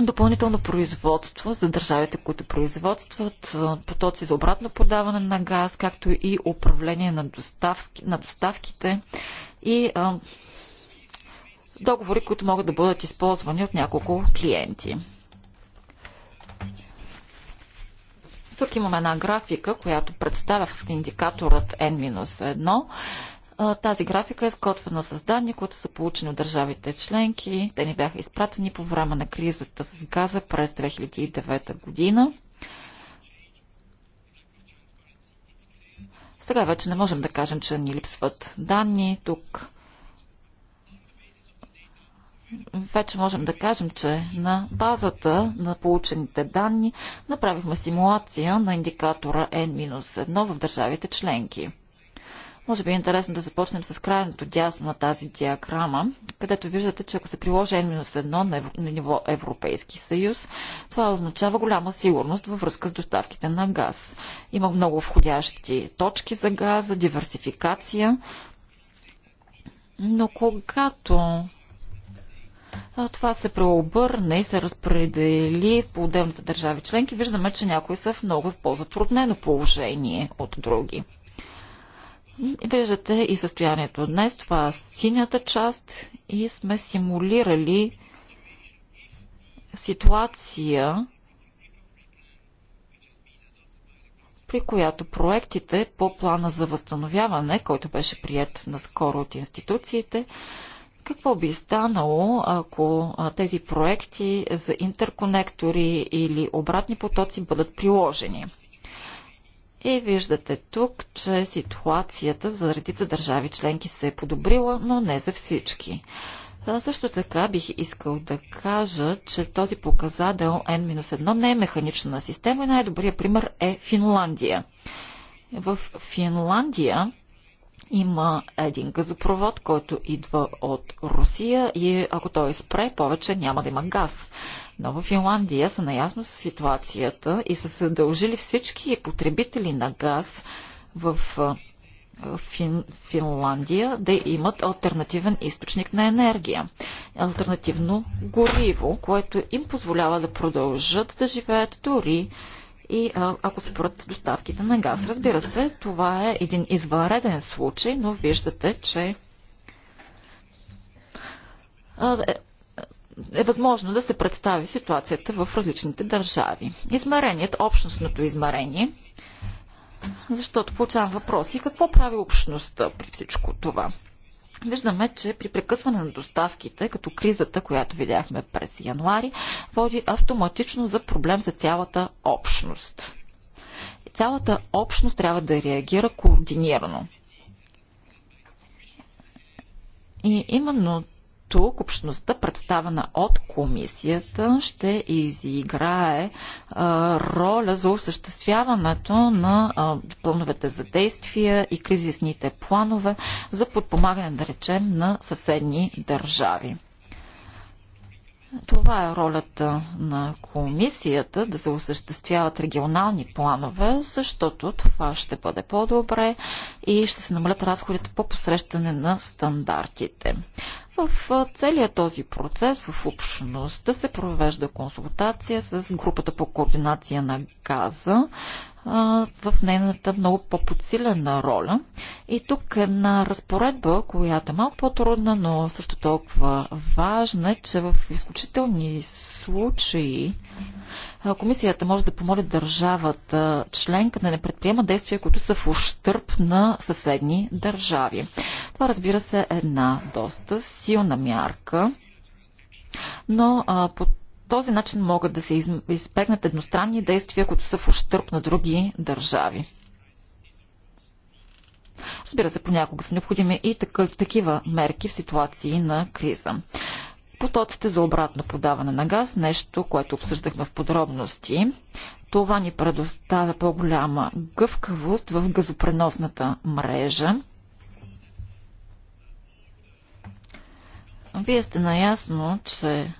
Допълнително производство за държавите, които производстват, потоци за обратно подаване на газ, както и управление на, доставки, на доставките и а, договори, които могат да бъдат използвани от няколко клиенти. Тук имаме една графика, която представя в индикаторът N-1. Тази графика е изготвена с данни, които са получени от държавите членки. Те ни бяха изпратени по време на кризата с газа през 2009 година. Сега вече не можем да кажем, че ни липсват данни. Тук вече можем да кажем, че на базата на получените данни направихме симулация на индикатора N-1 в държавите членки. Може би е интересно да започнем с крайното дясно на тази диаграма, където виждате, че ако се приложи N-1 на ниво Европейски съюз, това означава голяма сигурност във връзка с доставките на газ. Има много входящи точки за газ, за диверсификация, но когато това се преобърне и се разпредели по отделните държави членки. Виждаме, че някои са в много по-затруднено положение от други. Виждате и състоянието днес. Това е синята част и сме симулирали ситуация, при която проектите по плана за възстановяване, който беше прият наскоро от институциите, какво би станало, ако тези проекти за интерконектори или обратни потоци бъдат приложени? И виждате тук, че ситуацията за редица държави членки се е подобрила, но не за всички. също така бих искал да кажа, че този показател N-1 не е механична система и най-добрият пример е Финландия. В Финландия има един газопровод, който идва от Русия и ако той спре, повече няма да има газ. Но в Финландия са наясно с ситуацията и са се дължили всички потребители на газ в Фин, Финландия да имат альтернативен източник на енергия. Альтернативно гориво, което им позволява да продължат да живеят дори и а, ако спрат доставките на газ. Разбира се, това е един извънреден случай, но виждате, че а, е, е възможно да се представи ситуацията в различните държави. Измерението, общностното измерение, защото получавам въпроси какво прави общността при всичко това. Виждаме, че при прекъсване на доставките, като кризата, която видяхме през януари, води автоматично за проблем за цялата общност. И цялата общност трябва да реагира координирано. И именно тук общността, представена от комисията, ще изиграе а, роля за осъществяването на а, плановете за действия и кризисните планове за подпомагане, да речем, на съседни държави. Това е ролята на комисията да се осъществяват регионални планове, защото това ще бъде по-добре и ще се намалят разходите по посрещане на стандартите. В целият този процес в общността се провежда консултация с групата по координация на газа в нейната много по-подсилена роля. И тук една разпоредба, която е малко по-трудна, но също толкова важна, е, че в изключителни случаи комисията може да помоли държавата членка да не предприема действия, които са в ущърп на съседни държави. Това разбира се е една доста силна мярка, но а, по този начин могат да се изпегнат едностранни действия, които са в ущърп на други държави. Разбира се, понякога са необходими и такъв, такива мерки в ситуации на криза. Потоците за обратно подаване на газ, нещо, което обсъждахме в подробности, това ни предоставя по-голяма гъвкавост в газопреносната мрежа. Вие сте наясно, че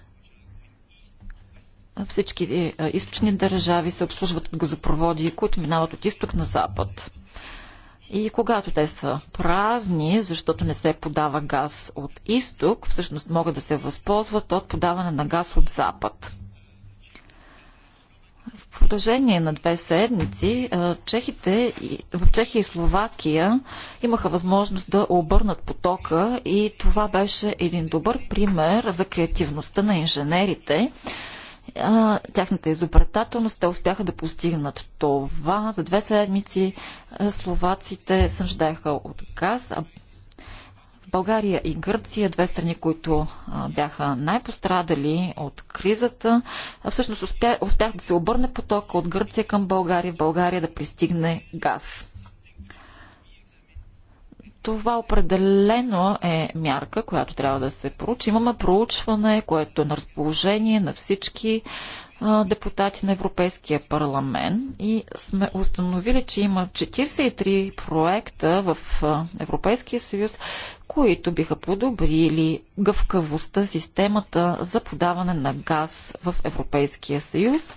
всички е, източни държави се обслужват от газопроводи, които минават от изток на запад. И когато те са празни, защото не се подава газ от изток, всъщност могат да се възползват от подаване на газ от запад. В продължение на две седмици чехите, в Чехия и Словакия имаха възможност да обърнат потока и това беше един добър пример за креативността на инженерите, а, тяхната изобретателност. Те успяха да постигнат това. За две седмици словаците съждаха от газ. А България и Гърция, две страни, които а, бяха най-пострадали от кризата, всъщност успя, успях да се обърне потока от Гърция към България, в България да пристигне газ. Това определено е мярка, която трябва да се проучи. Имаме проучване, което е на разположение на всички депутати на Европейския парламент и сме установили, че има 43 проекта в Европейския съюз, които биха подобрили гъвкавостта, системата за подаване на газ в Европейския съюз.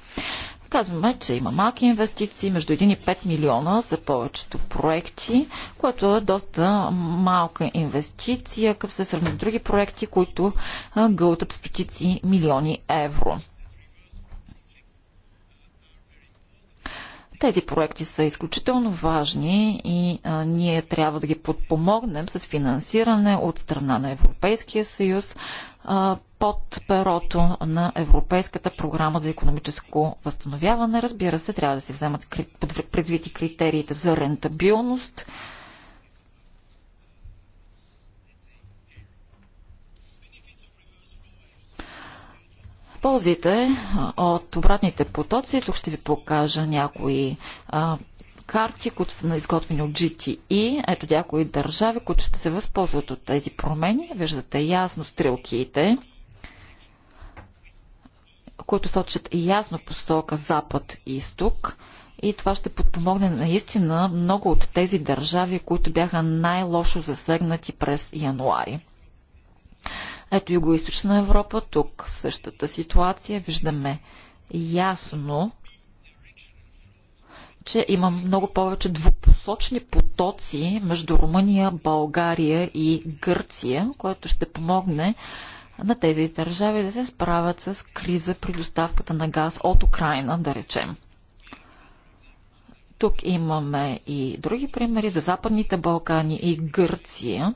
Казваме, че има малки инвестиции, между 1 и 5 милиона за повечето проекти, което е доста малка инвестиция, като се сравни с други проекти, които гълтат стотици милиони евро. Тези проекти са изключително важни и а, ние трябва да ги подпомогнем с финансиране от страна на Европейския съюз а, под перото на Европейската програма за економическо възстановяване. Разбира се, трябва да се вземат предвид и критериите за рентабилност ползите от обратните потоци. Тук ще ви покажа някои а, карти, които са изготвени от GTE. Ето някои държави, които ще се възползват от тези промени. Виждате ясно стрелките, които сочат ясно посока запад и изток. И това ще подпомогне наистина много от тези държави, които бяха най-лошо засегнати през януари. Ето Юго-Источна Европа, тук същата ситуация. Виждаме ясно, че има много повече двупосочни потоци между Румъния, България и Гърция, което ще помогне на тези държави да се справят с криза при доставката на газ от Украина, да речем. Тук имаме и други примери за Западните Балкани и Гърция.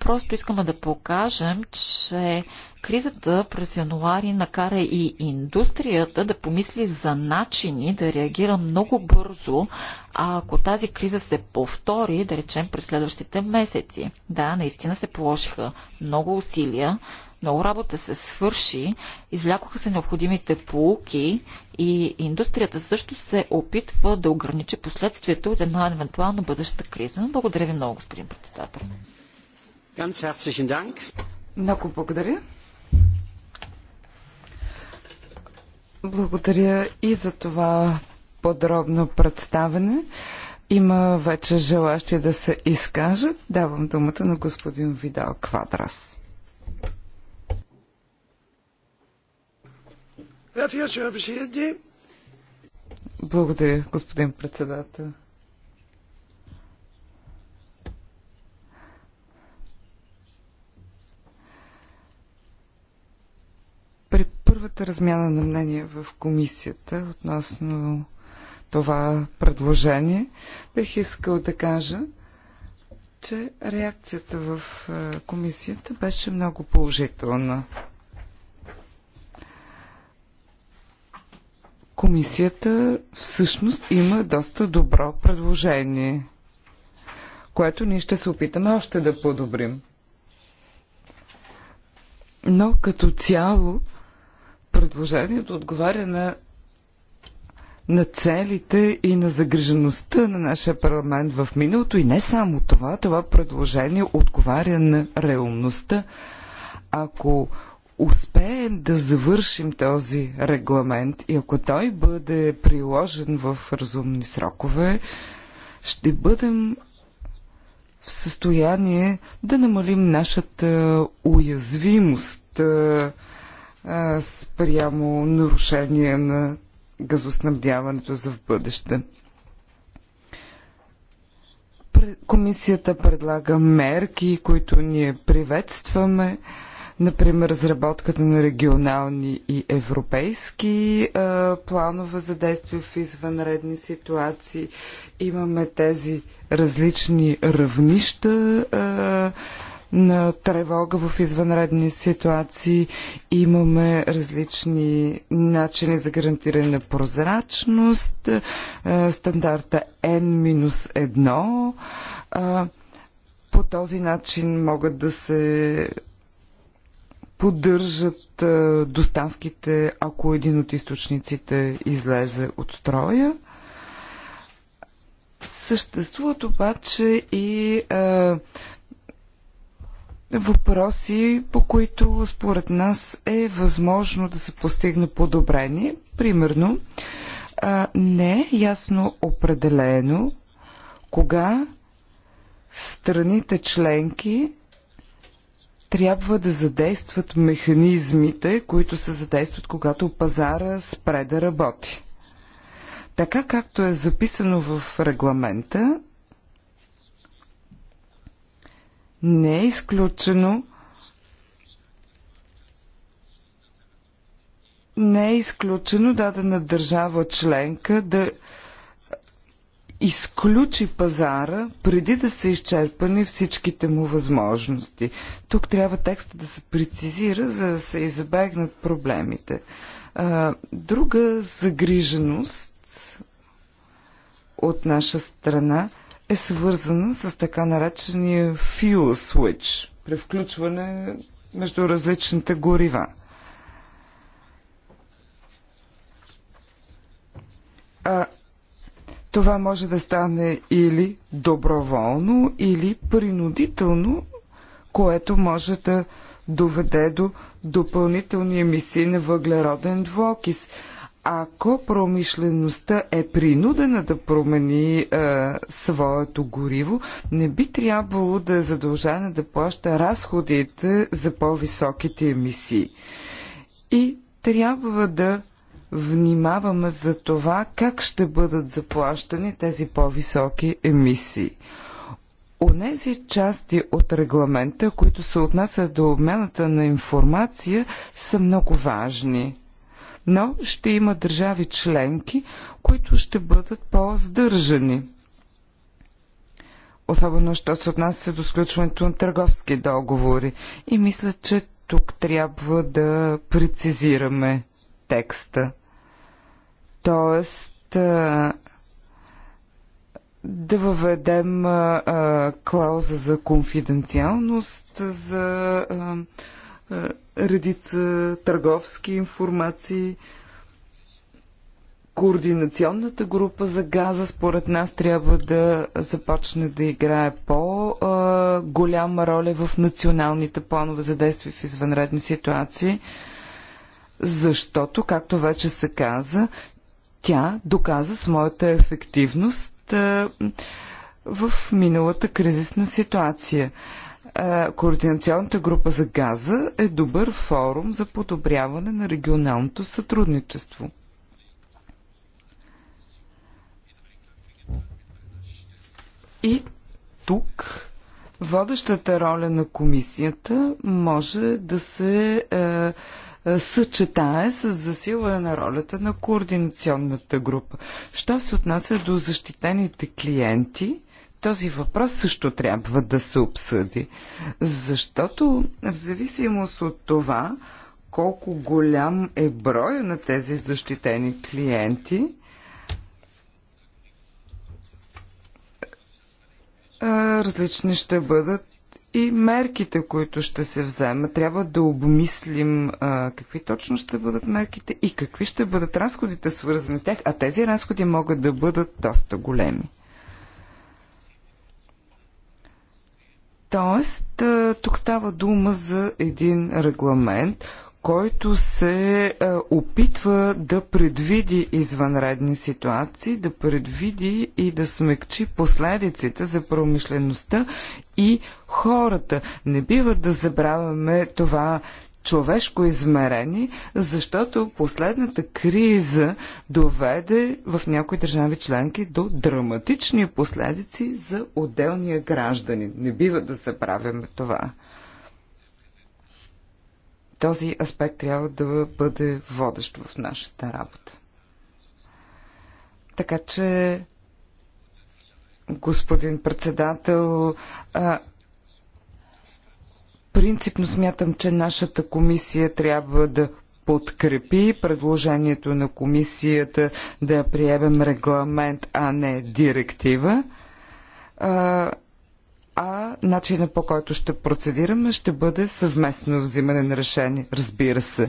Просто искаме да покажем, че кризата през януари накара и индустрията да помисли за начини да реагира много бързо, а ако тази криза се повтори, да речем през следващите месеци. Да, наистина се положиха много усилия, много работа се свърши, извлякоха се необходимите полуки и индустрията също се опитва да ограничи последствията от една евентуална бъдеща криза. Благодаря ви много, господин председател. Много благодаря. Благодаря и за това подробно представене. Има вече желащи да се изкажат. Давам думата на господин Видал Квадрас. Благодаря, господин председател. първата размяна на мнение в комисията относно това предложение, бих искал да кажа, че реакцията в комисията беше много положителна. Комисията всъщност има доста добро предложение, което ние ще се опитаме още да подобрим. Но като цяло предложението отговаря на на целите и на загрижеността на нашия парламент в миналото и не само това, това предложение отговаря на реалността. Ако успеем да завършим този регламент и ако той бъде приложен в разумни срокове, ще бъдем в състояние да намалим нашата уязвимост спрямо нарушение на газоснабдяването за в бъдеще. Комисията предлага мерки, които ние приветстваме, например разработката на регионални и европейски а, планове за действие в извънредни ситуации. Имаме тези различни равнища. А, на тревога в извънредни ситуации. Имаме различни начини за гарантиране на прозрачност, е, стандарта N-1. Е, по този начин могат да се поддържат е, доставките, ако един от източниците излезе от строя. Съществуват обаче и въпроси, по които според нас е възможно да се постигне подобрение. Примерно, не е ясно определено кога страните членки трябва да задействат механизмите, които се задействат, когато пазара спре да работи. Така както е записано в регламента, не е изключено не е изключено дадена държава членка да изключи пазара преди да са изчерпани всичките му възможности. Тук трябва текста да се прецизира, за да се избегнат проблемите. Друга загриженост от наша страна е свързана с така наречения fuel switch, превключване между различните горива. А, това може да стане или доброволно, или принудително, което може да доведе до допълнителни емисии на въглероден двуокис ако промишлеността е принудена да промени е, своето гориво, не би трябвало да е задължена да плаща разходите за по-високите емисии. И трябва да внимаваме за това как ще бъдат заплащани тези по-високи емисии. Онези части от регламента, които се отнасят до обмената на информация, са много важни но ще има държави членки, които ще бъдат по-здържани. Особено, що се отнася до сключването на търговски договори. И мисля, че тук трябва да прецизираме текста. Тоест, да въведем а, а, клауза за конфиденциалност за а, а, редица търговски информации. Координационната група за газа според нас трябва да започне да играе по-голяма роля в националните планове за действие в извънредни ситуации, защото, както вече се каза, тя доказа своята ефективност в миналата кризисна ситуация. Е, координационната група за газа е добър форум за подобряване на регионалното сътрудничество. И тук водещата роля на комисията може да се е, е съчетае с засилване на ролята на координационната група. Що се отнася до защитените клиенти, този въпрос също трябва да се обсъди, защото в зависимост от това, колко голям е броя на тези защитени клиенти, различни ще бъдат и мерките, които ще се вземат. Трябва да обмислим а, какви точно ще бъдат мерките и какви ще бъдат разходите свързани с тях, а тези разходи могат да бъдат доста големи. Тоест, тук става дума за един регламент, който се опитва да предвиди извънредни ситуации, да предвиди и да смекчи последиците за промишлеността и хората. Не бива да забравяме това, човешко измерение, защото последната криза доведе в някои държави членки до драматични последици за отделния граждани. Не бива да забравяме това. Този аспект трябва да бъде водещ в нашата работа. Така че господин председател, Принципно смятам, че нашата комисия трябва да подкрепи предложението на комисията да приемем регламент, а не директива. А, а начина по който ще процедираме ще бъде съвместно взимане на решение, разбира се.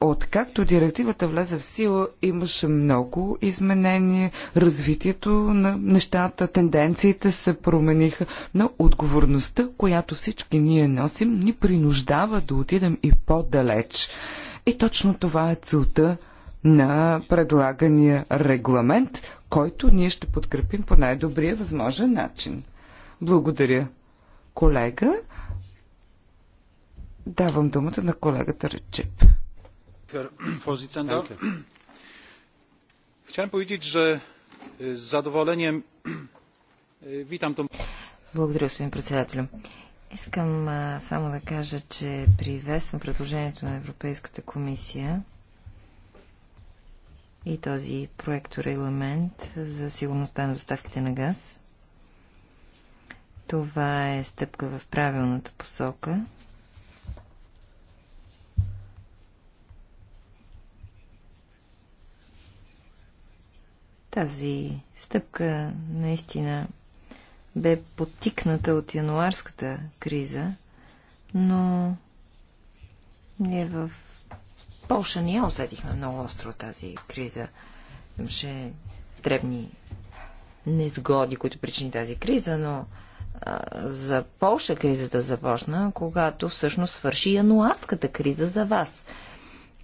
Откакто директивата влезе в сила, имаше много изменения, развитието на нещата, тенденциите се промениха, но отговорността, която всички ние носим, ни принуждава да отидем и по-далеч. И точно това е целта на предлагания регламент, който ние ще подкрепим по най-добрия възможен начин. Благодаря, колега. Давам думата на колегата Речеп. <clears throat> <clears throat> Chciałem powiedzieć, że z zadowoleniem witam tą... Благодаря, господин председателю. Искам а, само да кажа, че приветствам предложението на Европейската комисия и този проекторегламент за сигурността на доставките на газ. Това е стъпка в правилната посока Тази стъпка наистина бе потикната от януарската криза, но ние в Полша ние усетихме много остро тази криза. Имаше дребни незгоди, които причини тази криза, но а, за Польша кризата започна, когато всъщност свърши януарската криза за вас.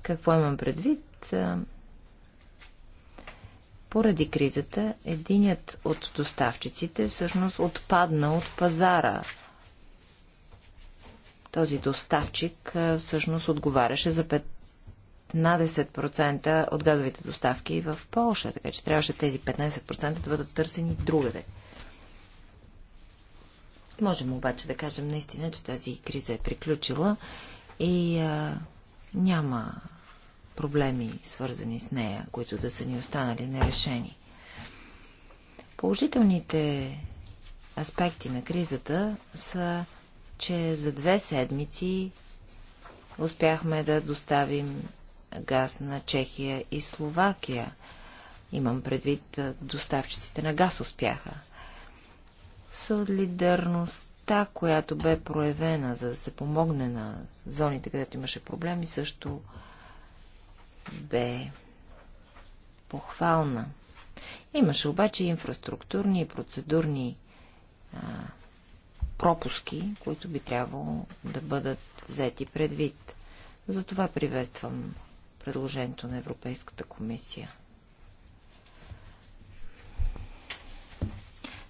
Какво имам предвид? Поради кризата, единият от доставчиците всъщност отпадна от пазара. Този доставчик всъщност отговаряше за 15% от газовите доставки в Полша, така че трябваше тези 15% да бъдат търсени другаде. Можем обаче да кажем наистина, че тази криза е приключила и а, няма проблеми, свързани с нея, които да са ни останали нерешени. Положителните аспекти на кризата са, че за две седмици успяхме да доставим газ на Чехия и Словакия. Имам предвид, доставчиците на газ успяха. Солидарността, която бе проявена, за да се помогне на зоните, където имаше проблеми, също бе похвална. Имаше обаче инфраструктурни и процедурни а, пропуски, които би трябвало да бъдат взети предвид. Затова приветствам предложението на Европейската комисия.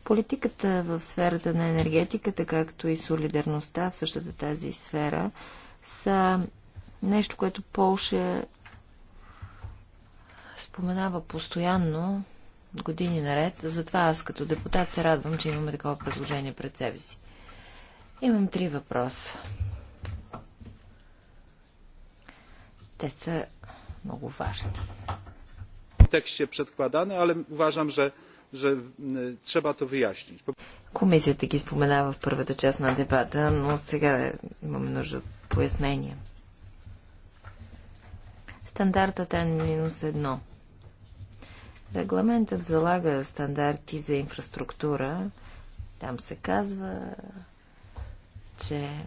Политиката в сферата на енергетиката, както и солидарността в същата тази сфера, са нещо, което Полша споменава постоянно, години наред. Затова аз като депутат се радвам, че имаме такова предложение пред себе си. Имам три въпроса. Те са много важни. Текст е предкладан, але уважам, че że trzeba to wyjaśnić. Комисията ги споменава в първата част на дебата, но сега имаме нужда от пояснение. Стандартът е минус едно. Регламентът залага стандарти за инфраструктура. Там се казва, че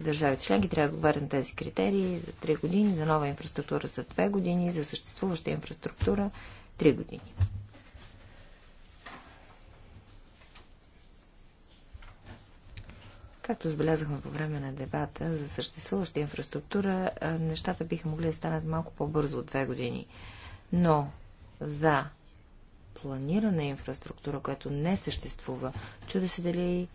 държавите членки трябва да отговарят на тези критерии за 3 години, за нова инфраструктура за 2 години, за съществуваща инфраструктура 3 години. Както забелязахме по време на дебата, за съществуваща инфраструктура нещата биха могли да станат малко по-бързо от две години. Но за планирана инфраструктура, която не съществува. Чуда се дали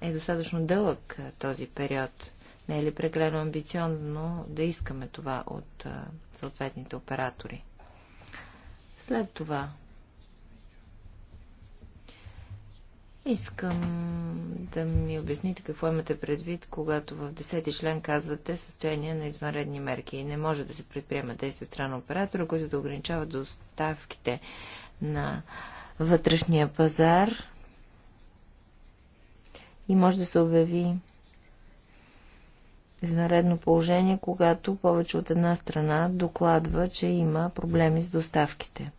е достатъчно дълъг този период. Не е ли прекалено амбициозно да искаме това от съответните оператори? След това Искам да ми обясните какво имате предвид, когато в 10-ти член казвате състояние на извънредни мерки и не може да се предприема действия страна оператора, които да ограничават доставките на вътрешния пазар и може да се обяви извънредно положение, когато повече от една страна докладва, че има проблеми с доставките.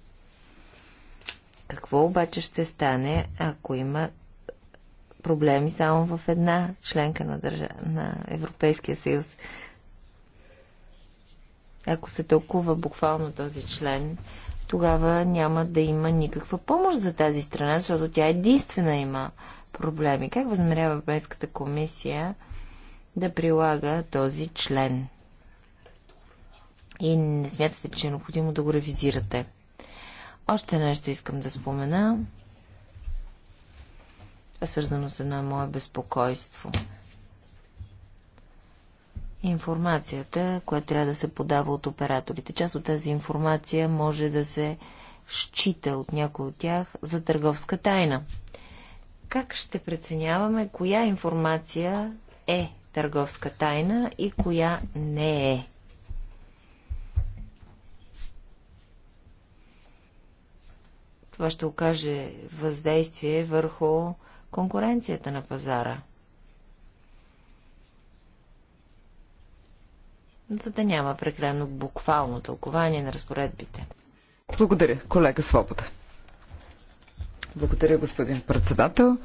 Какво обаче ще стане, ако има проблеми само в една членка на, държа... на Европейския съюз? Ако се тълкува буквално този член, тогава няма да има никаква помощ за тази страна, защото тя единствена има проблеми. Как възмерява Европейската комисия да прилага този член? И не смятате, че е необходимо да го ревизирате? Още нещо искам да спомена. е свързано с едно мое безпокойство. Информацията, която трябва да се подава от операторите. Част от тази информация може да се счита от някой от тях за търговска тайна. Как ще преценяваме коя информация е търговска тайна и коя не е? Това ще окаже въздействие върху конкуренцията на пазара. За да няма прекалено буквално тълкование на разпоредбите. Благодаря, колега Свобода. Благодаря, господин председател.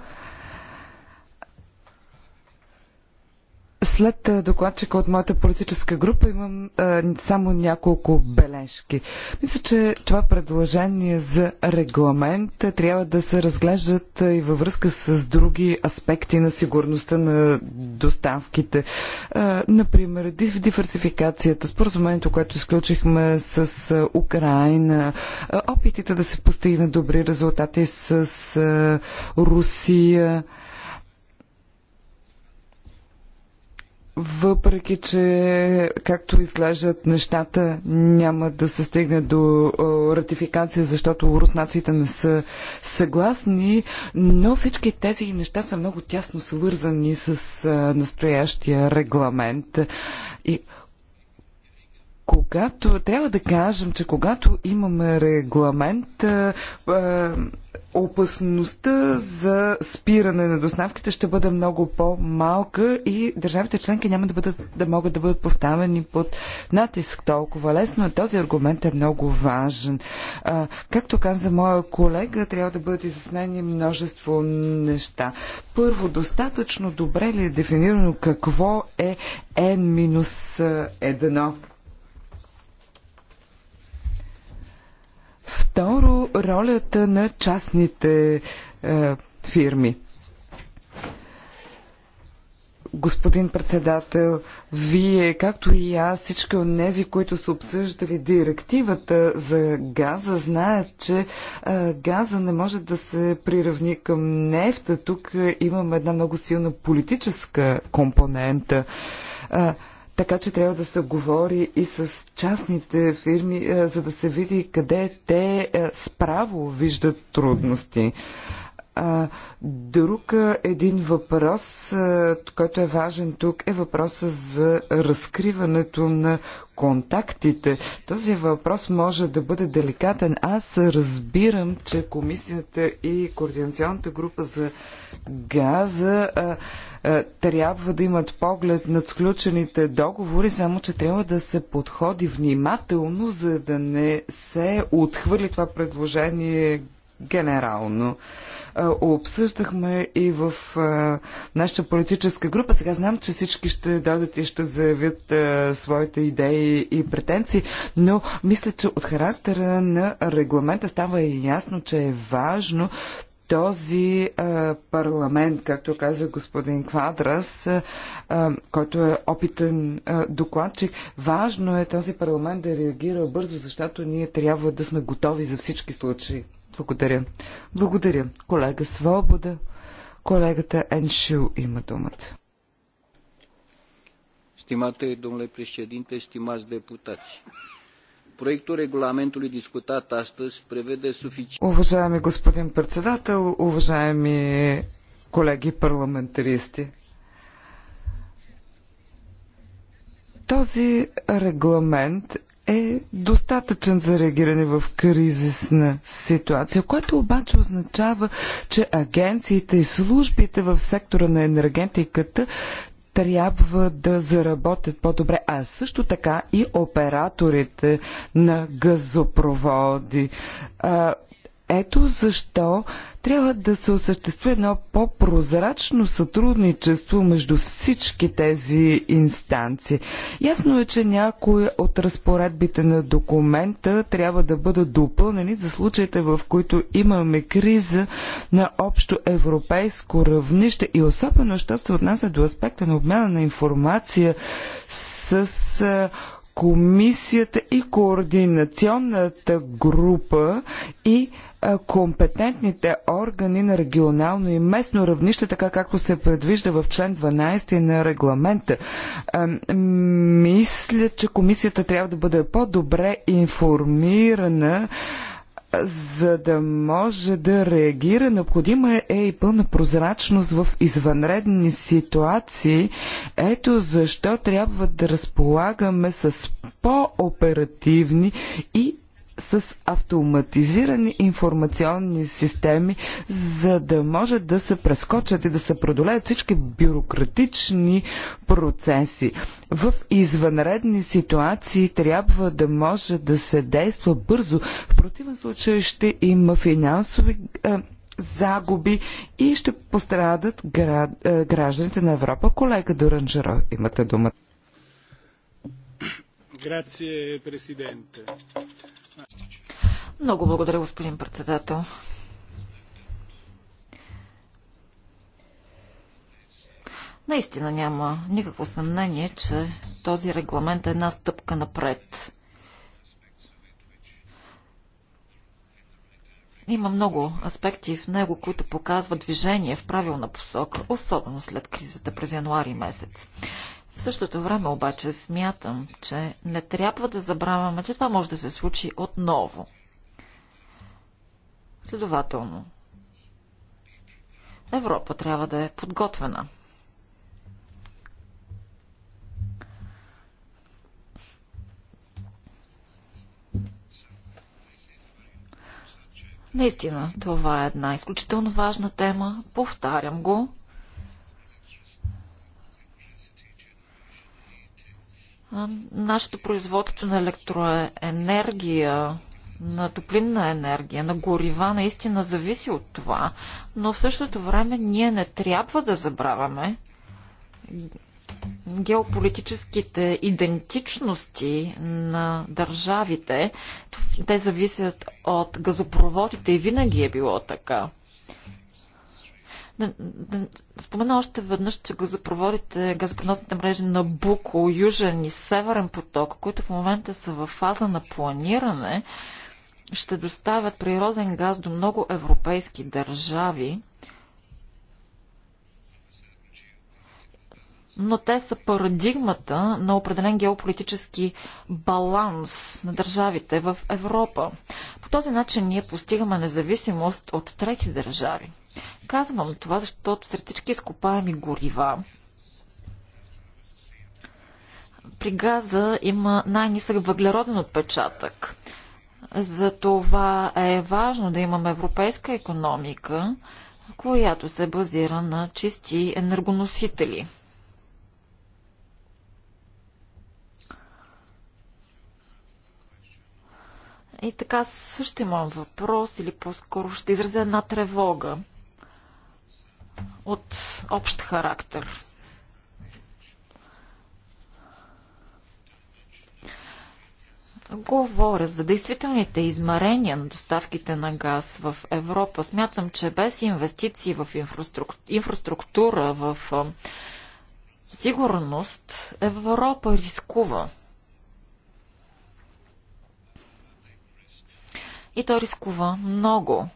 След е, докладчика от моята политическа група имам а, е, само няколко бележки. Мисля, че това предложение за регламент е, трябва да се разглеждат и във връзка с други аспекти на сигурността на доставките. А, например, диверсификацията, споразумението, което изключихме с Украина, опитите да се постигнат добри резултати с Русия. въпреки че, както изглеждат нещата, няма да се стигне до ратификация, защото руснаците не са съгласни, но всички тези неща са много тясно свързани с настоящия регламент. И когато трябва да кажем, че когато имаме регламент, а, опасността за спиране на доставките ще бъде много по-малка и държавите членки няма да, бъдат, да могат да бъдат поставени под натиск толкова лесно. Е. Този аргумент е много важен. А, както каза моя колега, трябва да бъдат изяснени множество неща. Първо, достатъчно добре ли е дефинирано какво е N-1? Второ, ролята на частните е, фирми. Господин председател, вие, както и аз, всички от нези, които са обсъждали директивата за газа, знаят, че а, е, газа не може да се приравни към нефта. Тук имаме една много силна политическа компонента. А, е, така че трябва да се говори и с частните фирми, е, за да се види къде те е, справо виждат трудности. А, друг един въпрос, който е важен тук, е въпроса за разкриването на контактите. Този въпрос може да бъде деликатен. Аз разбирам, че комисията и координационната група за газа а, а, трябва да имат поглед над сключените договори, само че трябва да се подходи внимателно, за да не се отхвърли това предложение генерално. Обсъждахме и в нашата политическа група. Сега знам, че всички ще дойдат и ще заявят своите идеи и претенции, но мисля, че от характера на регламента става и ясно, че е важно този е, парламент, както каза господин Квадрас, е, който е опитен е, докладчик, важно е този парламент да реагира бързо, защото ние трябва да сме готови за всички случаи. Благодаря. Благодаря. Колега Свобода, колегата Еншил има думата. Stimate domnule președinte, stimați deputați, Проектът регламентului дискутат astăzi prevede suficient... Уважаеми господин председател, уважаеми колеги парламентаристи, този регламент е достатъчен за реагиране в кризисна ситуация, което обаче означава, че агенциите и службите в сектора на енергетиката трябва да заработят по-добре, а също така и операторите на газопроводи. Ето защо трябва да се осъществи едно по-прозрачно сътрудничество между всички тези инстанции. Ясно е, че някои от разпоредбите на документа трябва да бъдат допълнени за случаите, в които имаме криза на общо европейско равнище и особено, що се отнася до аспекта на обмяна на информация с комисията и координационната група и компетентните органи на регионално и местно равнище, така както се предвижда в член 12 на регламента. Мисля, че комисията трябва да бъде по-добре информирана за да може да реагира, необходима е и пълна прозрачност в извънредни ситуации. Ето защо трябва да разполагаме с по-оперативни и с автоматизирани информационни системи, за да може да се прескочат и да се продолеят всички бюрократични процеси. В извънредни ситуации трябва да може да се действа бързо. В противен случай ще има финансови е, загуби и ще пострадат е, гражданите на Европа. Колега Доранжеро, имате думата. Grazie Presidente. Много благодаря, господин председател. Наистина няма никакво съмнение, че този регламент е една стъпка напред. Има много аспекти в него, които показват движение в правилна посока, особено след кризата през януари месец. В същото време обаче смятам, че не трябва да забравяме, че това може да се случи отново – Следователно, Европа трябва да е подготвена. Наистина, това е една изключително важна тема. Повтарям го. Нашето производство на електроенергия на топлинна енергия, на горива, наистина зависи от това, но в същото време ние не трябва да забравяме геополитическите идентичности на държавите. Те зависят от газопроводите и винаги е било така. Спомена още веднъж, че газопроводите, газопроносните мрежи на Буко, Южен и Северен поток, които в момента са в фаза на планиране, ще доставят природен газ до много европейски държави, но те са парадигмата на определен геополитически баланс на държавите в Европа. По този начин ние постигаме независимост от трети държави. Казвам това, защото сред всички изкопаеми горива при газа има най-нисък въглероден отпечатък. За това е важно да имаме европейска економика, която се базира на чисти енергоносители. И така също имам въпрос или по-скоро ще изразя една тревога от общ характер. Говоря за действителните измерения на доставките на газ в Европа. Смятам, че без инвестиции в инфраструктура, в сигурност, Европа рискува. И то рискува много.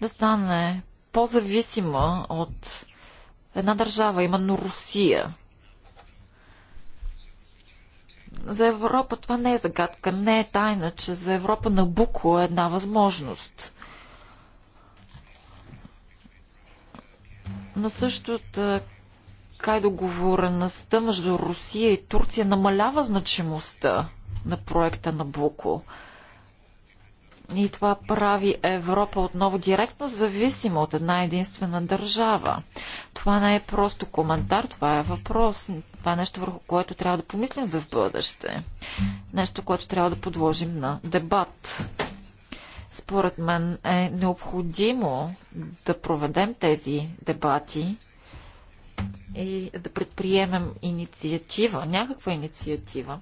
Да стане по-зависима от една държава, именно Русия – за Европа това не е загадка, не е тайна, че за Европа на Букло е една възможност. Но също така и договореността между Русия и Турция намалява значимостта на проекта на Буко и това прави Европа отново директно зависима от една единствена държава. Това не е просто коментар, това е въпрос. Това е нещо върху което трябва да помислим за в бъдеще. Нещо, което трябва да подложим на дебат. Според мен е необходимо да проведем тези дебати и да предприемем инициатива, някаква инициатива,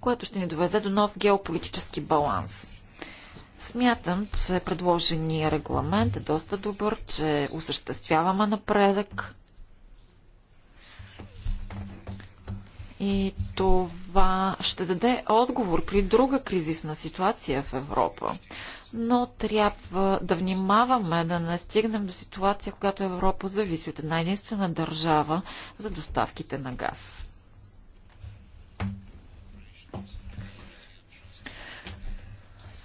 което ще ни доведе до нов геополитически баланс. Смятам, че предложения регламент е доста добър, че осъществяваме напредък. И това ще даде отговор при друга кризисна ситуация в Европа. Но трябва да внимаваме да не стигнем до ситуация, когато Европа зависи от една единствена държава за доставките на газ.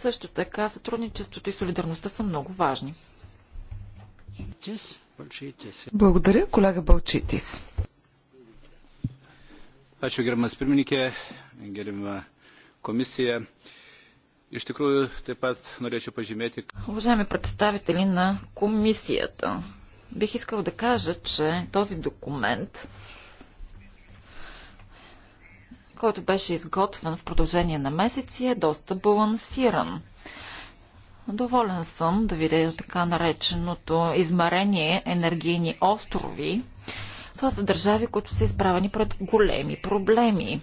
Също така сътрудничеството и солидарността са много важни. Благодаря, колега Балчитис. Ačiū pirmininkė, Iš tikrųjų, taip pat norėčiau pažymėti. Уважаеми представители на комисията, бих искал да кажа, че този документ който беше изготвен в продължение на месеци, е доста балансиран. Доволен съм да видя така нареченото измерение енергийни острови. Това са държави, които са изправени пред големи проблеми.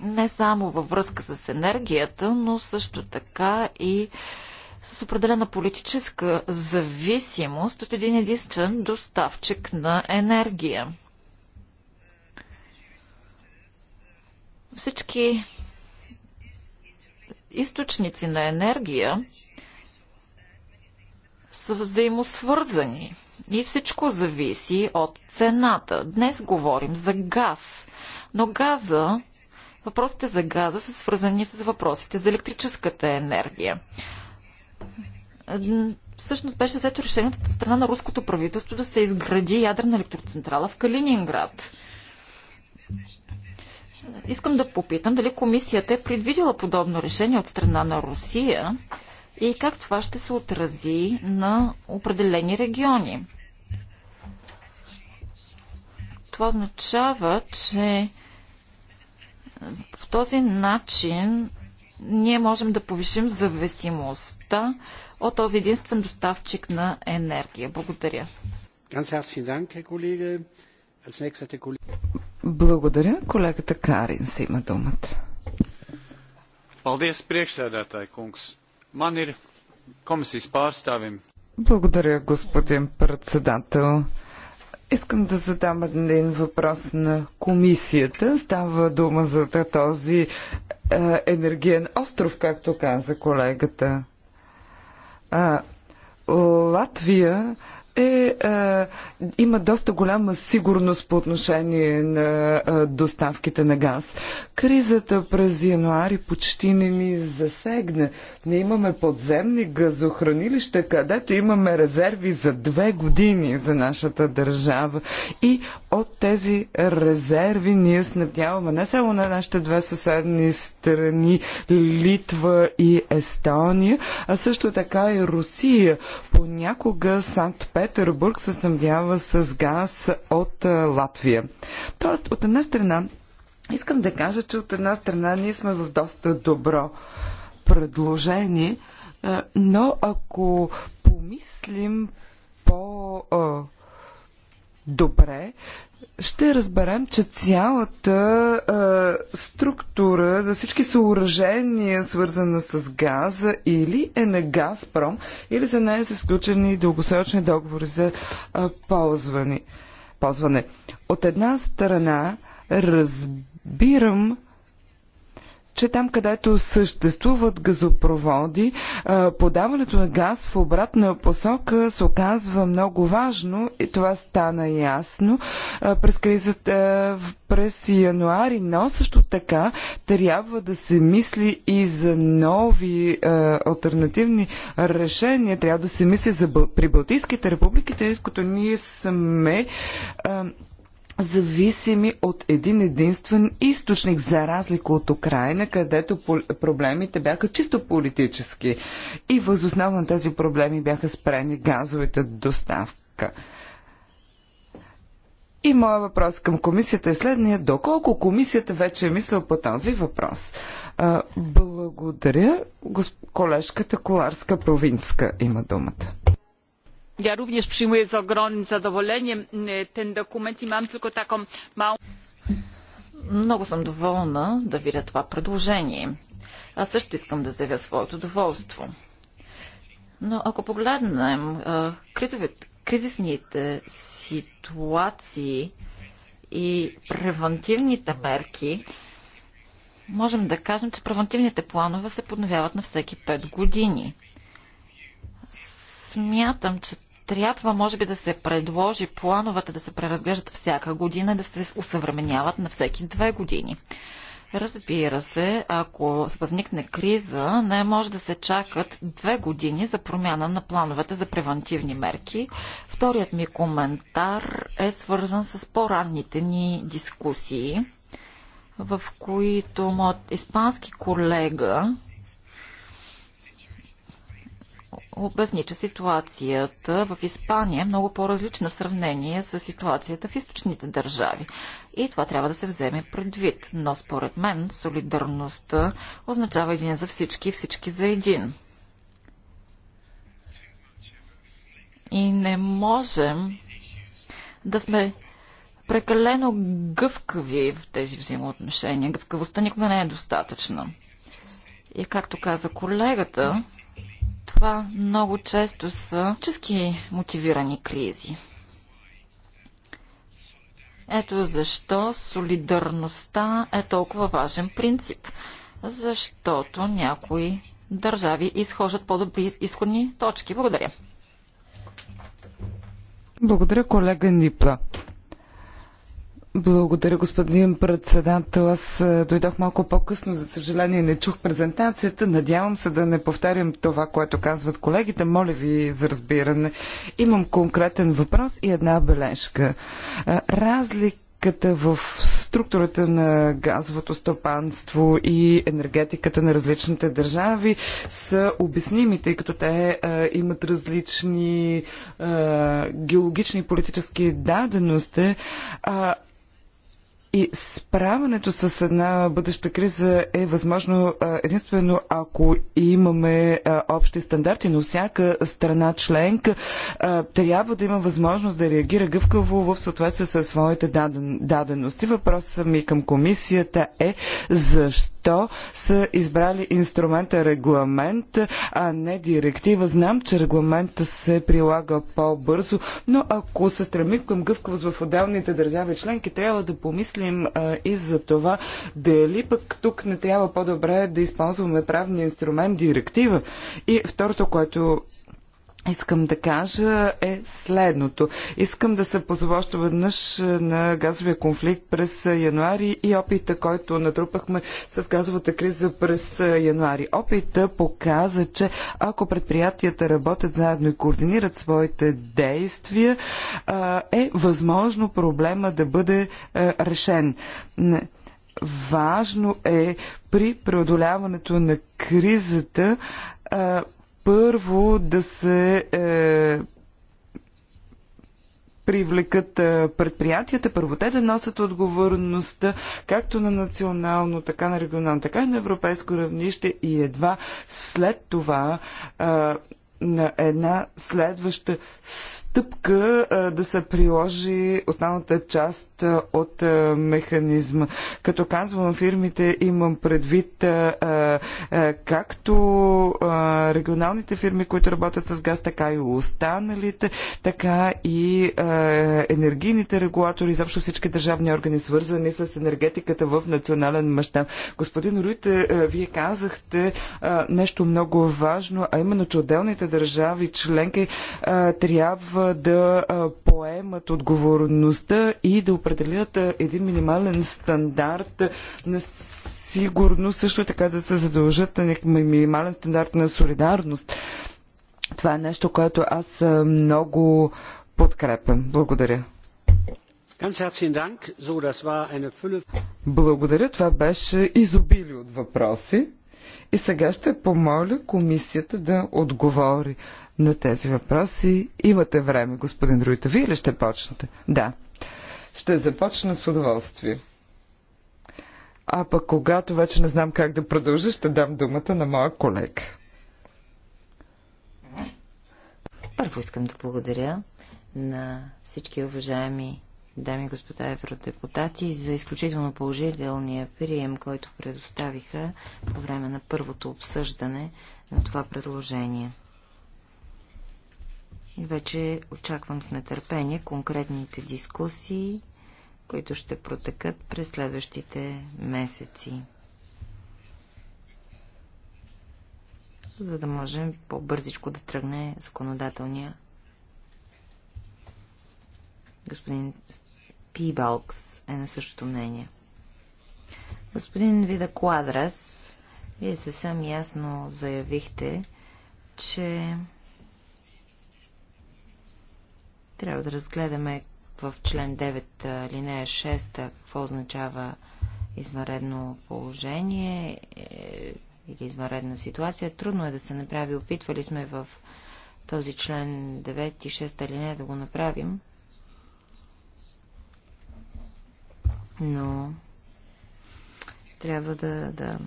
Не само във връзка с енергията, но също така и с определена политическа зависимост от един единствен доставчик на енергия. Всички източници на енергия са взаимосвързани и всичко зависи от цената. Днес говорим за газ, но газа, въпросите за газа са свързани с въпросите за електрическата енергия. Всъщност беше взето решението от страна на руското правителство да се изгради ядрена електроцентрала в Калининград. Искам да попитам дали комисията е предвидила подобно решение от страна на Русия и как това ще се отрази на определени региони. Това означава, че по този начин ние можем да повишим зависимостта от този единствен доставчик на енергия. Благодаря. Благодаря. Колегата Карин си има думата. Paldies, priekšsēdētāji kungs. Man ir komisijas pārstāvim. Благодаря, господин председател. Искам да задам един въпрос на комисията. Става дума за този е, енергиен остров, както каза колегата. А, Латвия е, е, има доста голяма сигурност по отношение на е, доставките на газ. Кризата през януари почти не ни засегна. Не имаме подземни газохранилища, където имаме резерви за две години за нашата държава. И от тези резерви ние снабдяваме не само на нашите две съседни страни, Литва и Естония, а също така и Русия. Понякога Санкт-Петербург Петербург се снабдява с газ от е, Латвия. Тоест, от една страна, искам да кажа, че от една страна ние сме в доста добро предложение, е, но ако помислим по е, добре, ще разберем, че цялата а, структура за всички съоръжения, свързана с газа, или е на Газпром, или за нея са изключени дългосрочни договори за а, ползване. ползване. От една страна разбирам че там, където съществуват газопроводи, подаването на газ в обратна посока се оказва много важно и това стана ясно през кризата през януари, но също така трябва да се мисли и за нови альтернативни решения. Трябва да се мисли за прибалтийските републики, тъй като ние сме зависими от един единствен източник, за разлика от Украина, където проблемите бяха чисто политически. И възоснова на тези проблеми бяха спрени газовите доставка. И моят въпрос към комисията е следния. Доколко комисията вече е мисъл по този въпрос? благодаря. Колежката Коларска-Провинска има думата ja również przyjmuję z ogromnym zadowoleniem e, ten dokument i mam tylko taką małą. Много съм доволна да видя това предложение. Аз също искам да заявя своето доволство. Но ако погледнем кризисните ситуации и превентивните мерки, можем да кажем, че превентивните планове се подновяват на всеки 5 години смятам, че трябва, може би, да се предложи плановете да се преразглеждат всяка година, и да се усъвременяват на всеки две години. Разбира се, ако възникне криза, не може да се чакат две години за промяна на плановете за превентивни мерки. Вторият ми коментар е свързан с по-ранните ни дискусии, в които моят испански колега обясни, че ситуацията в Испания е много по-различна в сравнение с ситуацията в източните държави. И това трябва да се вземе предвид. Но според мен солидарността означава един за всички и всички за един. И не можем да сме прекалено гъвкави в тези взаимоотношения. Гъвкавостта никога не е достатъчна. И както каза колегата, това много често са чески мотивирани кризи. Ето защо солидарността е толкова важен принцип, защото някои държави изхождат по-добри изходни точки. Благодаря. Благодаря, колега Нипла. Благодаря, господин председател. Аз е, дойдох малко по-късно, за съжаление не чух презентацията. Надявам се да не повтарям това, което казват колегите. Моля ви за разбиране. Имам конкретен въпрос и една бележка. Разлик е, разликата в структурата на газовото стопанство и енергетиката на различните държави са обясними, тъй като те а, е, имат различни а, геологични и политически дадености. А, и справянето с една бъдеща криза е възможно единствено ако имаме общи стандарти, но всяка страна членка трябва да има възможност да реагира гъвкаво в съответствие със своите дадености. Въпросът ми към комисията е защо защо са избрали инструмента регламент, а не директива. Знам, че регламента се прилага по-бързо, но ако се стремим към гъвкавост в отделните държави членки, трябва да помислим а, и за това дали пък тук не трябва по-добре да използваме правния инструмент директива. И второто, което искам да кажа е следното. Искам да се позвоща веднъж е, на газовия конфликт през е, януари и опита, който натрупахме с газовата криза през е, януари. Опита показа, че ако предприятията работят заедно и координират своите действия, е възможно проблема да бъде решен. Важно е при преодоляването на кризата първо да се е, привлекат е, предприятията, първо те да носят отговорността както на национално, така на регионално, така и на европейско равнище и едва след това е, на една следваща стъпка да се приложи основната част от механизма. Като казвам фирмите, имам предвид както регионалните фирми, които работят с газ, така и останалите, така и енергийните регулатори, изобщо всички държавни органи, свързани с енергетиката в национален мащаб. Господин Руйте, вие казахте нещо много важно, а именно, че отделните държави членки трябва да поемат отговорността и да определят един минимален стандарт на сигурно също така да се задължат на минимален стандарт на солидарност. Това е нещо, което аз много подкрепям. Благодаря. Благодаря. Това беше изобилие от въпроси. И сега ще помоля комисията да отговори на тези въпроси. Имате време, господин Руита. Вие ли ще почнете? Да. Ще започна с удоволствие. А пък когато вече не знам как да продължа, ще дам думата на моя колега. Първо искам да благодаря на всички уважаеми дами и господа евродепутати, за изключително положителния прием, който предоставиха по време на първото обсъждане на това предложение. Вече очаквам с нетърпение конкретните дискусии, които ще протекат през следващите месеци. за да можем по-бързичко да тръгне законодателния Господин Пибалкс е на същото мнение. Господин Вида Квадрас, вие съвсем ясно заявихте, че трябва да разгледаме в член 9 линия 6 какво означава извънредно положение е, или извънредна ситуация. Трудно е да се направи. Опитвали сме в този член 9 и 6 линия да го направим. но трябва да, да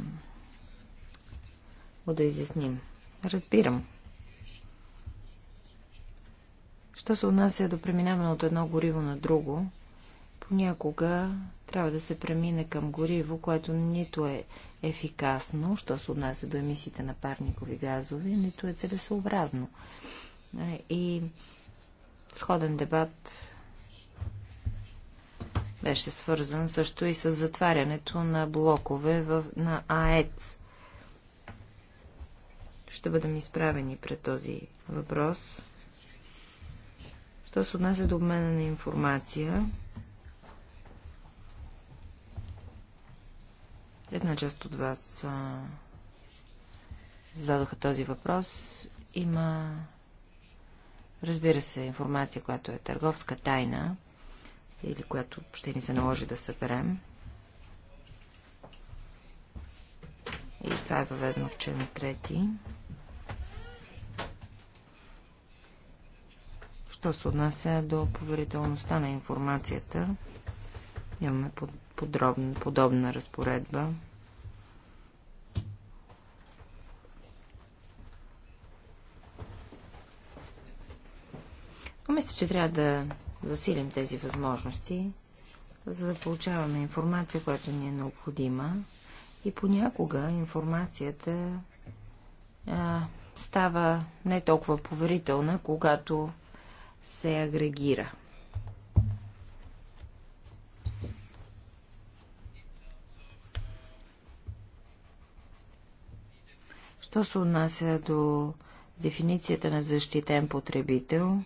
го да изясним. Разбирам. Що се отнася до преминаване от едно гориво на друго, понякога трябва да се премине към гориво, което нито е ефикасно, що се отнася до емисиите на парникови газове, нито е целесообразно. И сходен дебат беше свързан също и с затварянето на блокове в, на АЕЦ. Ще бъдем изправени пред този въпрос. Що се отнася до обмена на информация, една част от вас а, зададоха този въпрос. Има, разбира се, информация, която е търговска тайна, или която ще ни се наложи да съберем. И това е въведено в член трети. Що се отнася до поверителността на информацията, имаме подробна, подобна разпоредба. Но мисля, че трябва да засилим тези възможности, за да получаваме информация, която ни е необходима. И понякога информацията а, става не толкова поверителна, когато се агрегира. Що се отнася до дефиницията на защитен потребител,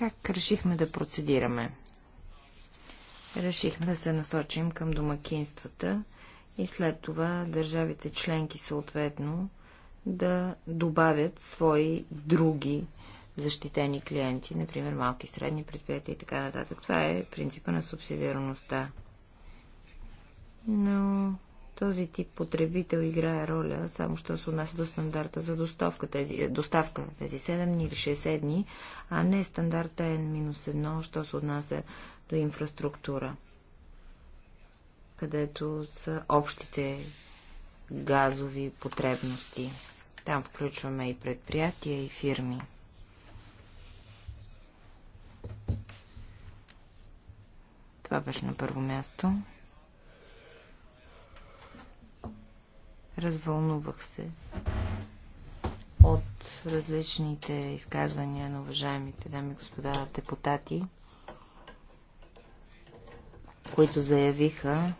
Как решихме да процедираме? Решихме да се насочим към домакинствата и след това държавите членки съответно да добавят свои други защитени клиенти, например малки и средни предприятия и така нататък. Това е принципа на субсидиарността. Но този тип потребител играе роля само що се отнася до стандарта за доставка тези, е, доставка, тези 7 дни или 6 дни, а не стандарта N-1, що се отнася до инфраструктура, където са общите газови потребности. Там включваме и предприятия, и фирми. Това беше на първо място. Развълнувах се от различните изказвания на уважаемите дами и господа депутати, които заявиха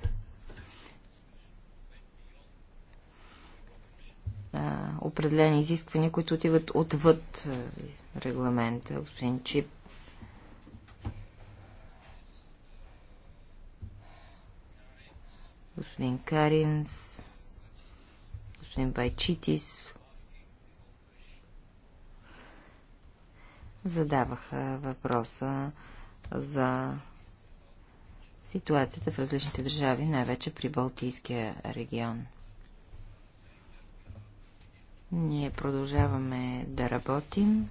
а, определени изисквания, които отиват отвъд регламента. Господин Чип господин Каринс, господин задаваха въпроса за ситуацията в различните държави, най-вече при Балтийския регион. Ние продължаваме да работим.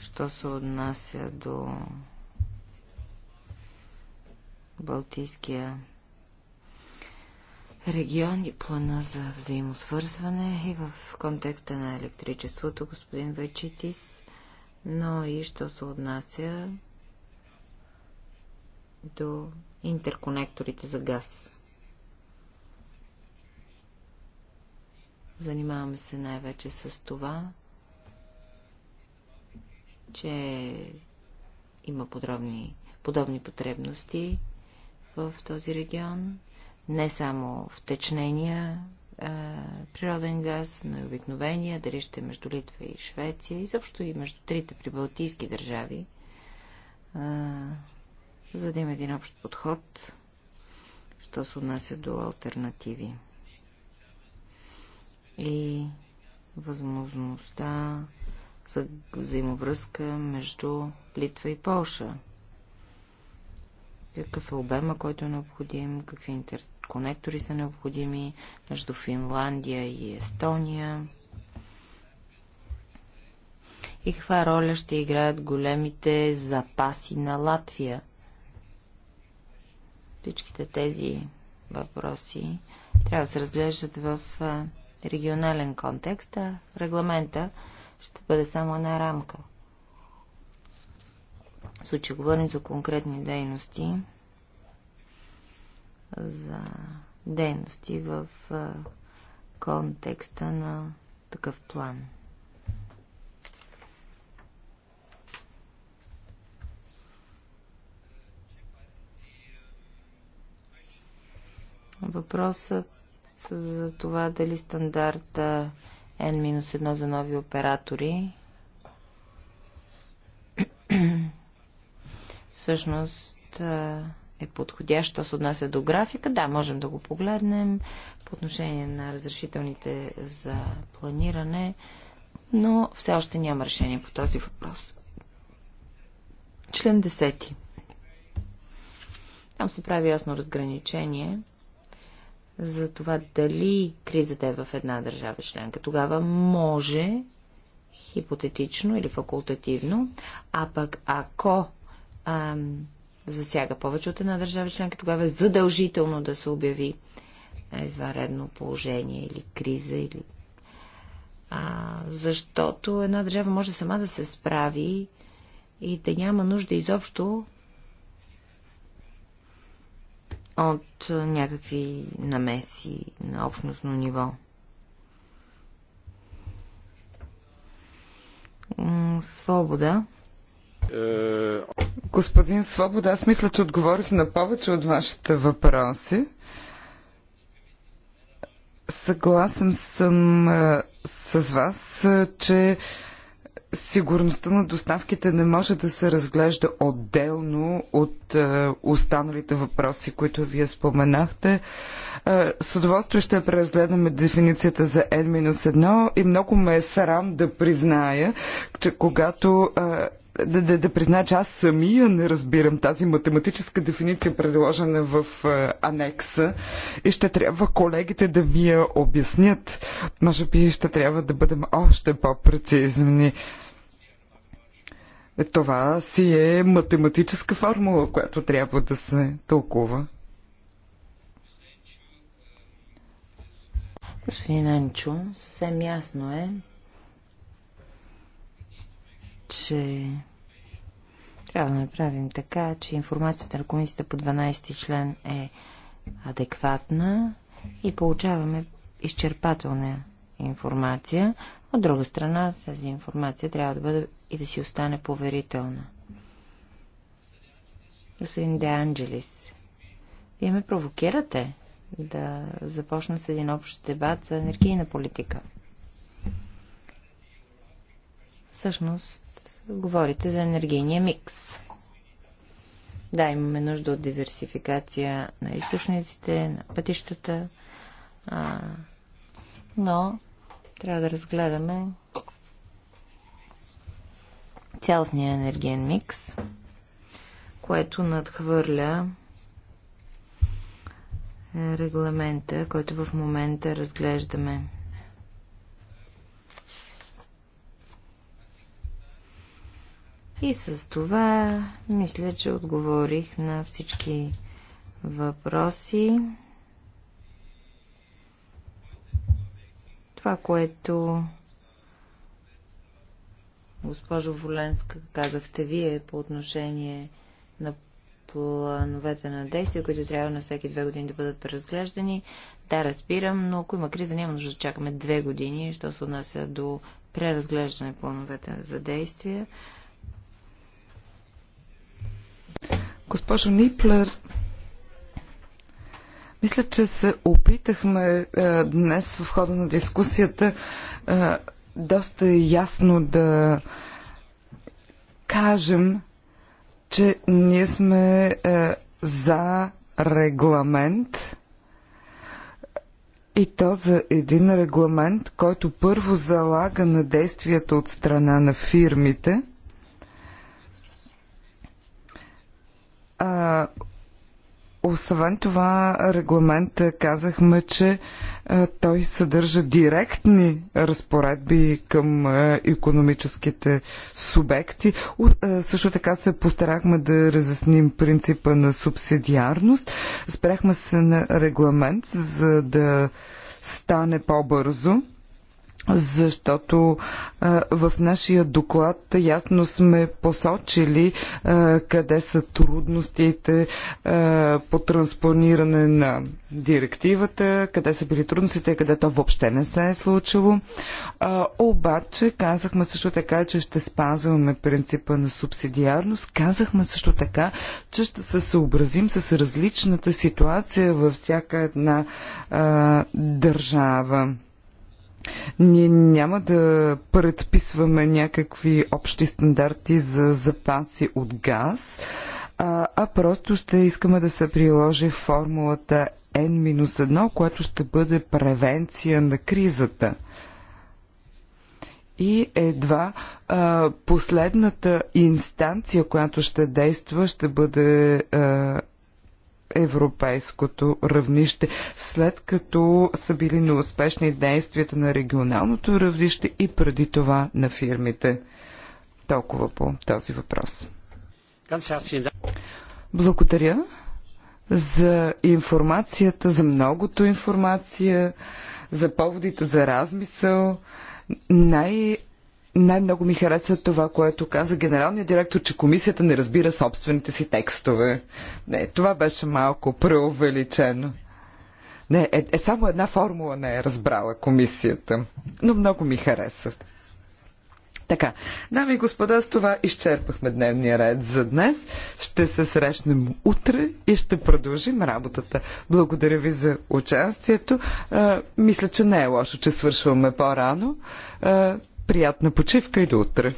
Що се отнася до Балтийския регион и плана за взаимосвързване и в контекста на електричеството, господин Вечетис, но и що се отнася до интерконекторите за газ. Занимаваме се най-вече с това, че има подробни, подобни потребности в този регион не само втечнения а, природен газ, но и обикновения, дали ще е между Литва и Швеция, и също и между трите прибалтийски държави, а, за да има един общ подход, що се отнася до альтернативи. И възможността за взаимовръзка между Литва и Полша. Какъв е обема, който е необходим, какви интер интерконектори са необходими между Финландия и Естония. И каква роля ще играят големите запаси на Латвия? Всичките тези въпроси трябва да се разглеждат в регионален контекст, а регламента ще бъде само една рамка. В случай говорим за конкретни дейности, за дейности в контекста на такъв план. Въпросът за това дали стандарта N-1 за нови оператори <clears throat> всъщност е подходящ, що се отнася до графика. Да, можем да го погледнем по отношение на разрешителните за планиране, но все още няма решение по този въпрос. Член 10. Там се прави ясно разграничение за това дали кризата е в една държава членка. Тогава може хипотетично или факултативно, а пък ако ам, засяга повече от една държава членка, тогава е задължително да се обяви извънредно положение или криза. Или... А, защото една държава може сама да се справи и да няма нужда изобщо от някакви намеси на общностно ниво. Свобода Господин Свобода, аз мисля, че отговорих на повече от вашите въпроси. Съгласен съм е, с вас, е, че сигурността на доставките не може да се разглежда отделно от е, останалите въпроси, които вие споменахте. С удоволствие ще преразгледаме дефиницията за N-1 и много ме е срам да призная, че когато да, да, да че аз самия не разбирам тази математическа дефиниция, предложена в а, е, анекса и ще трябва колегите да ви я обяснят. Може би ще трябва да бъдем още по-прецизни. Е, това си е математическа формула, която трябва да се тълкува. Господин Анчо, съвсем ясно е, че трябва да направим така, че информацията на комисията по 12 член е адекватна и получаваме изчерпателна информация. От друга страна, тази информация трябва да бъде и да си остане поверителна. Господин Де Анджелис, вие ме провокирате да започна с един общ дебат за енергийна политика. Всъщност, говорите за енергийния микс. Да, имаме нужда от диверсификация на източниците, на пътищата, а, но трябва да разгледаме цялостния енергиен микс, което надхвърля регламента, който в момента разглеждаме. И с това мисля, че отговорих на всички въпроси. Това, което госпожо Воленска казахте вие по отношение на плановете на действия, които трябва на всеки две години да бъдат преразглеждани. Да, разбирам, но ако има криза, няма нужда да чакаме две години, що се отнася до преразглеждане плановете за действия. Госпожо Ниплер, мисля, че се опитахме е, днес в хода на дискусията е, доста ясно да кажем, че ние сме е, за регламент и то за един регламент, който първо залага на действията от страна на фирмите – А, освен това, регламент е, казахме, че а, е, той съдържа директни разпоредби към а, е, економическите субекти. а, също така се постарахме да разясним принципа на субсидиарност. Спряхме се на регламент, за да стане по-бързо защото а, в нашия доклад ясно сме посочили а, къде са трудностите а, по транспониране на директивата, къде са били трудностите, къде то въобще не се е случило. А, обаче казахме също така, че ще спазваме принципа на субсидиарност. Казахме също така, че ще се съобразим с различната ситуация във всяка една а, държава. Ние няма да предписваме някакви общи стандарти за запаси от газ, а, а просто ще искаме да се приложи формулата N-1, което ще бъде превенция на кризата и едва а, последната инстанция, която ще действа, ще бъде а, европейското равнище, след като са били неуспешни действията на регионалното равнище и преди това на фирмите. Толкова по този въпрос. Благодаря за информацията, за многото информация, за поводите за размисъл. Най- най-много ми хареса това, което каза генералният директор, че комисията не разбира собствените си текстове. Не, това беше малко преувеличено. Не, е, е само една формула не е разбрала комисията, но много ми хареса. Така, дами и господа, с това изчерпахме дневния ред за днес. Ще се срещнем утре и ще продължим работата. Благодаря ви за участието. А, мисля, че не е лошо, че свършваме по-рано. Приятна почивка и до утре.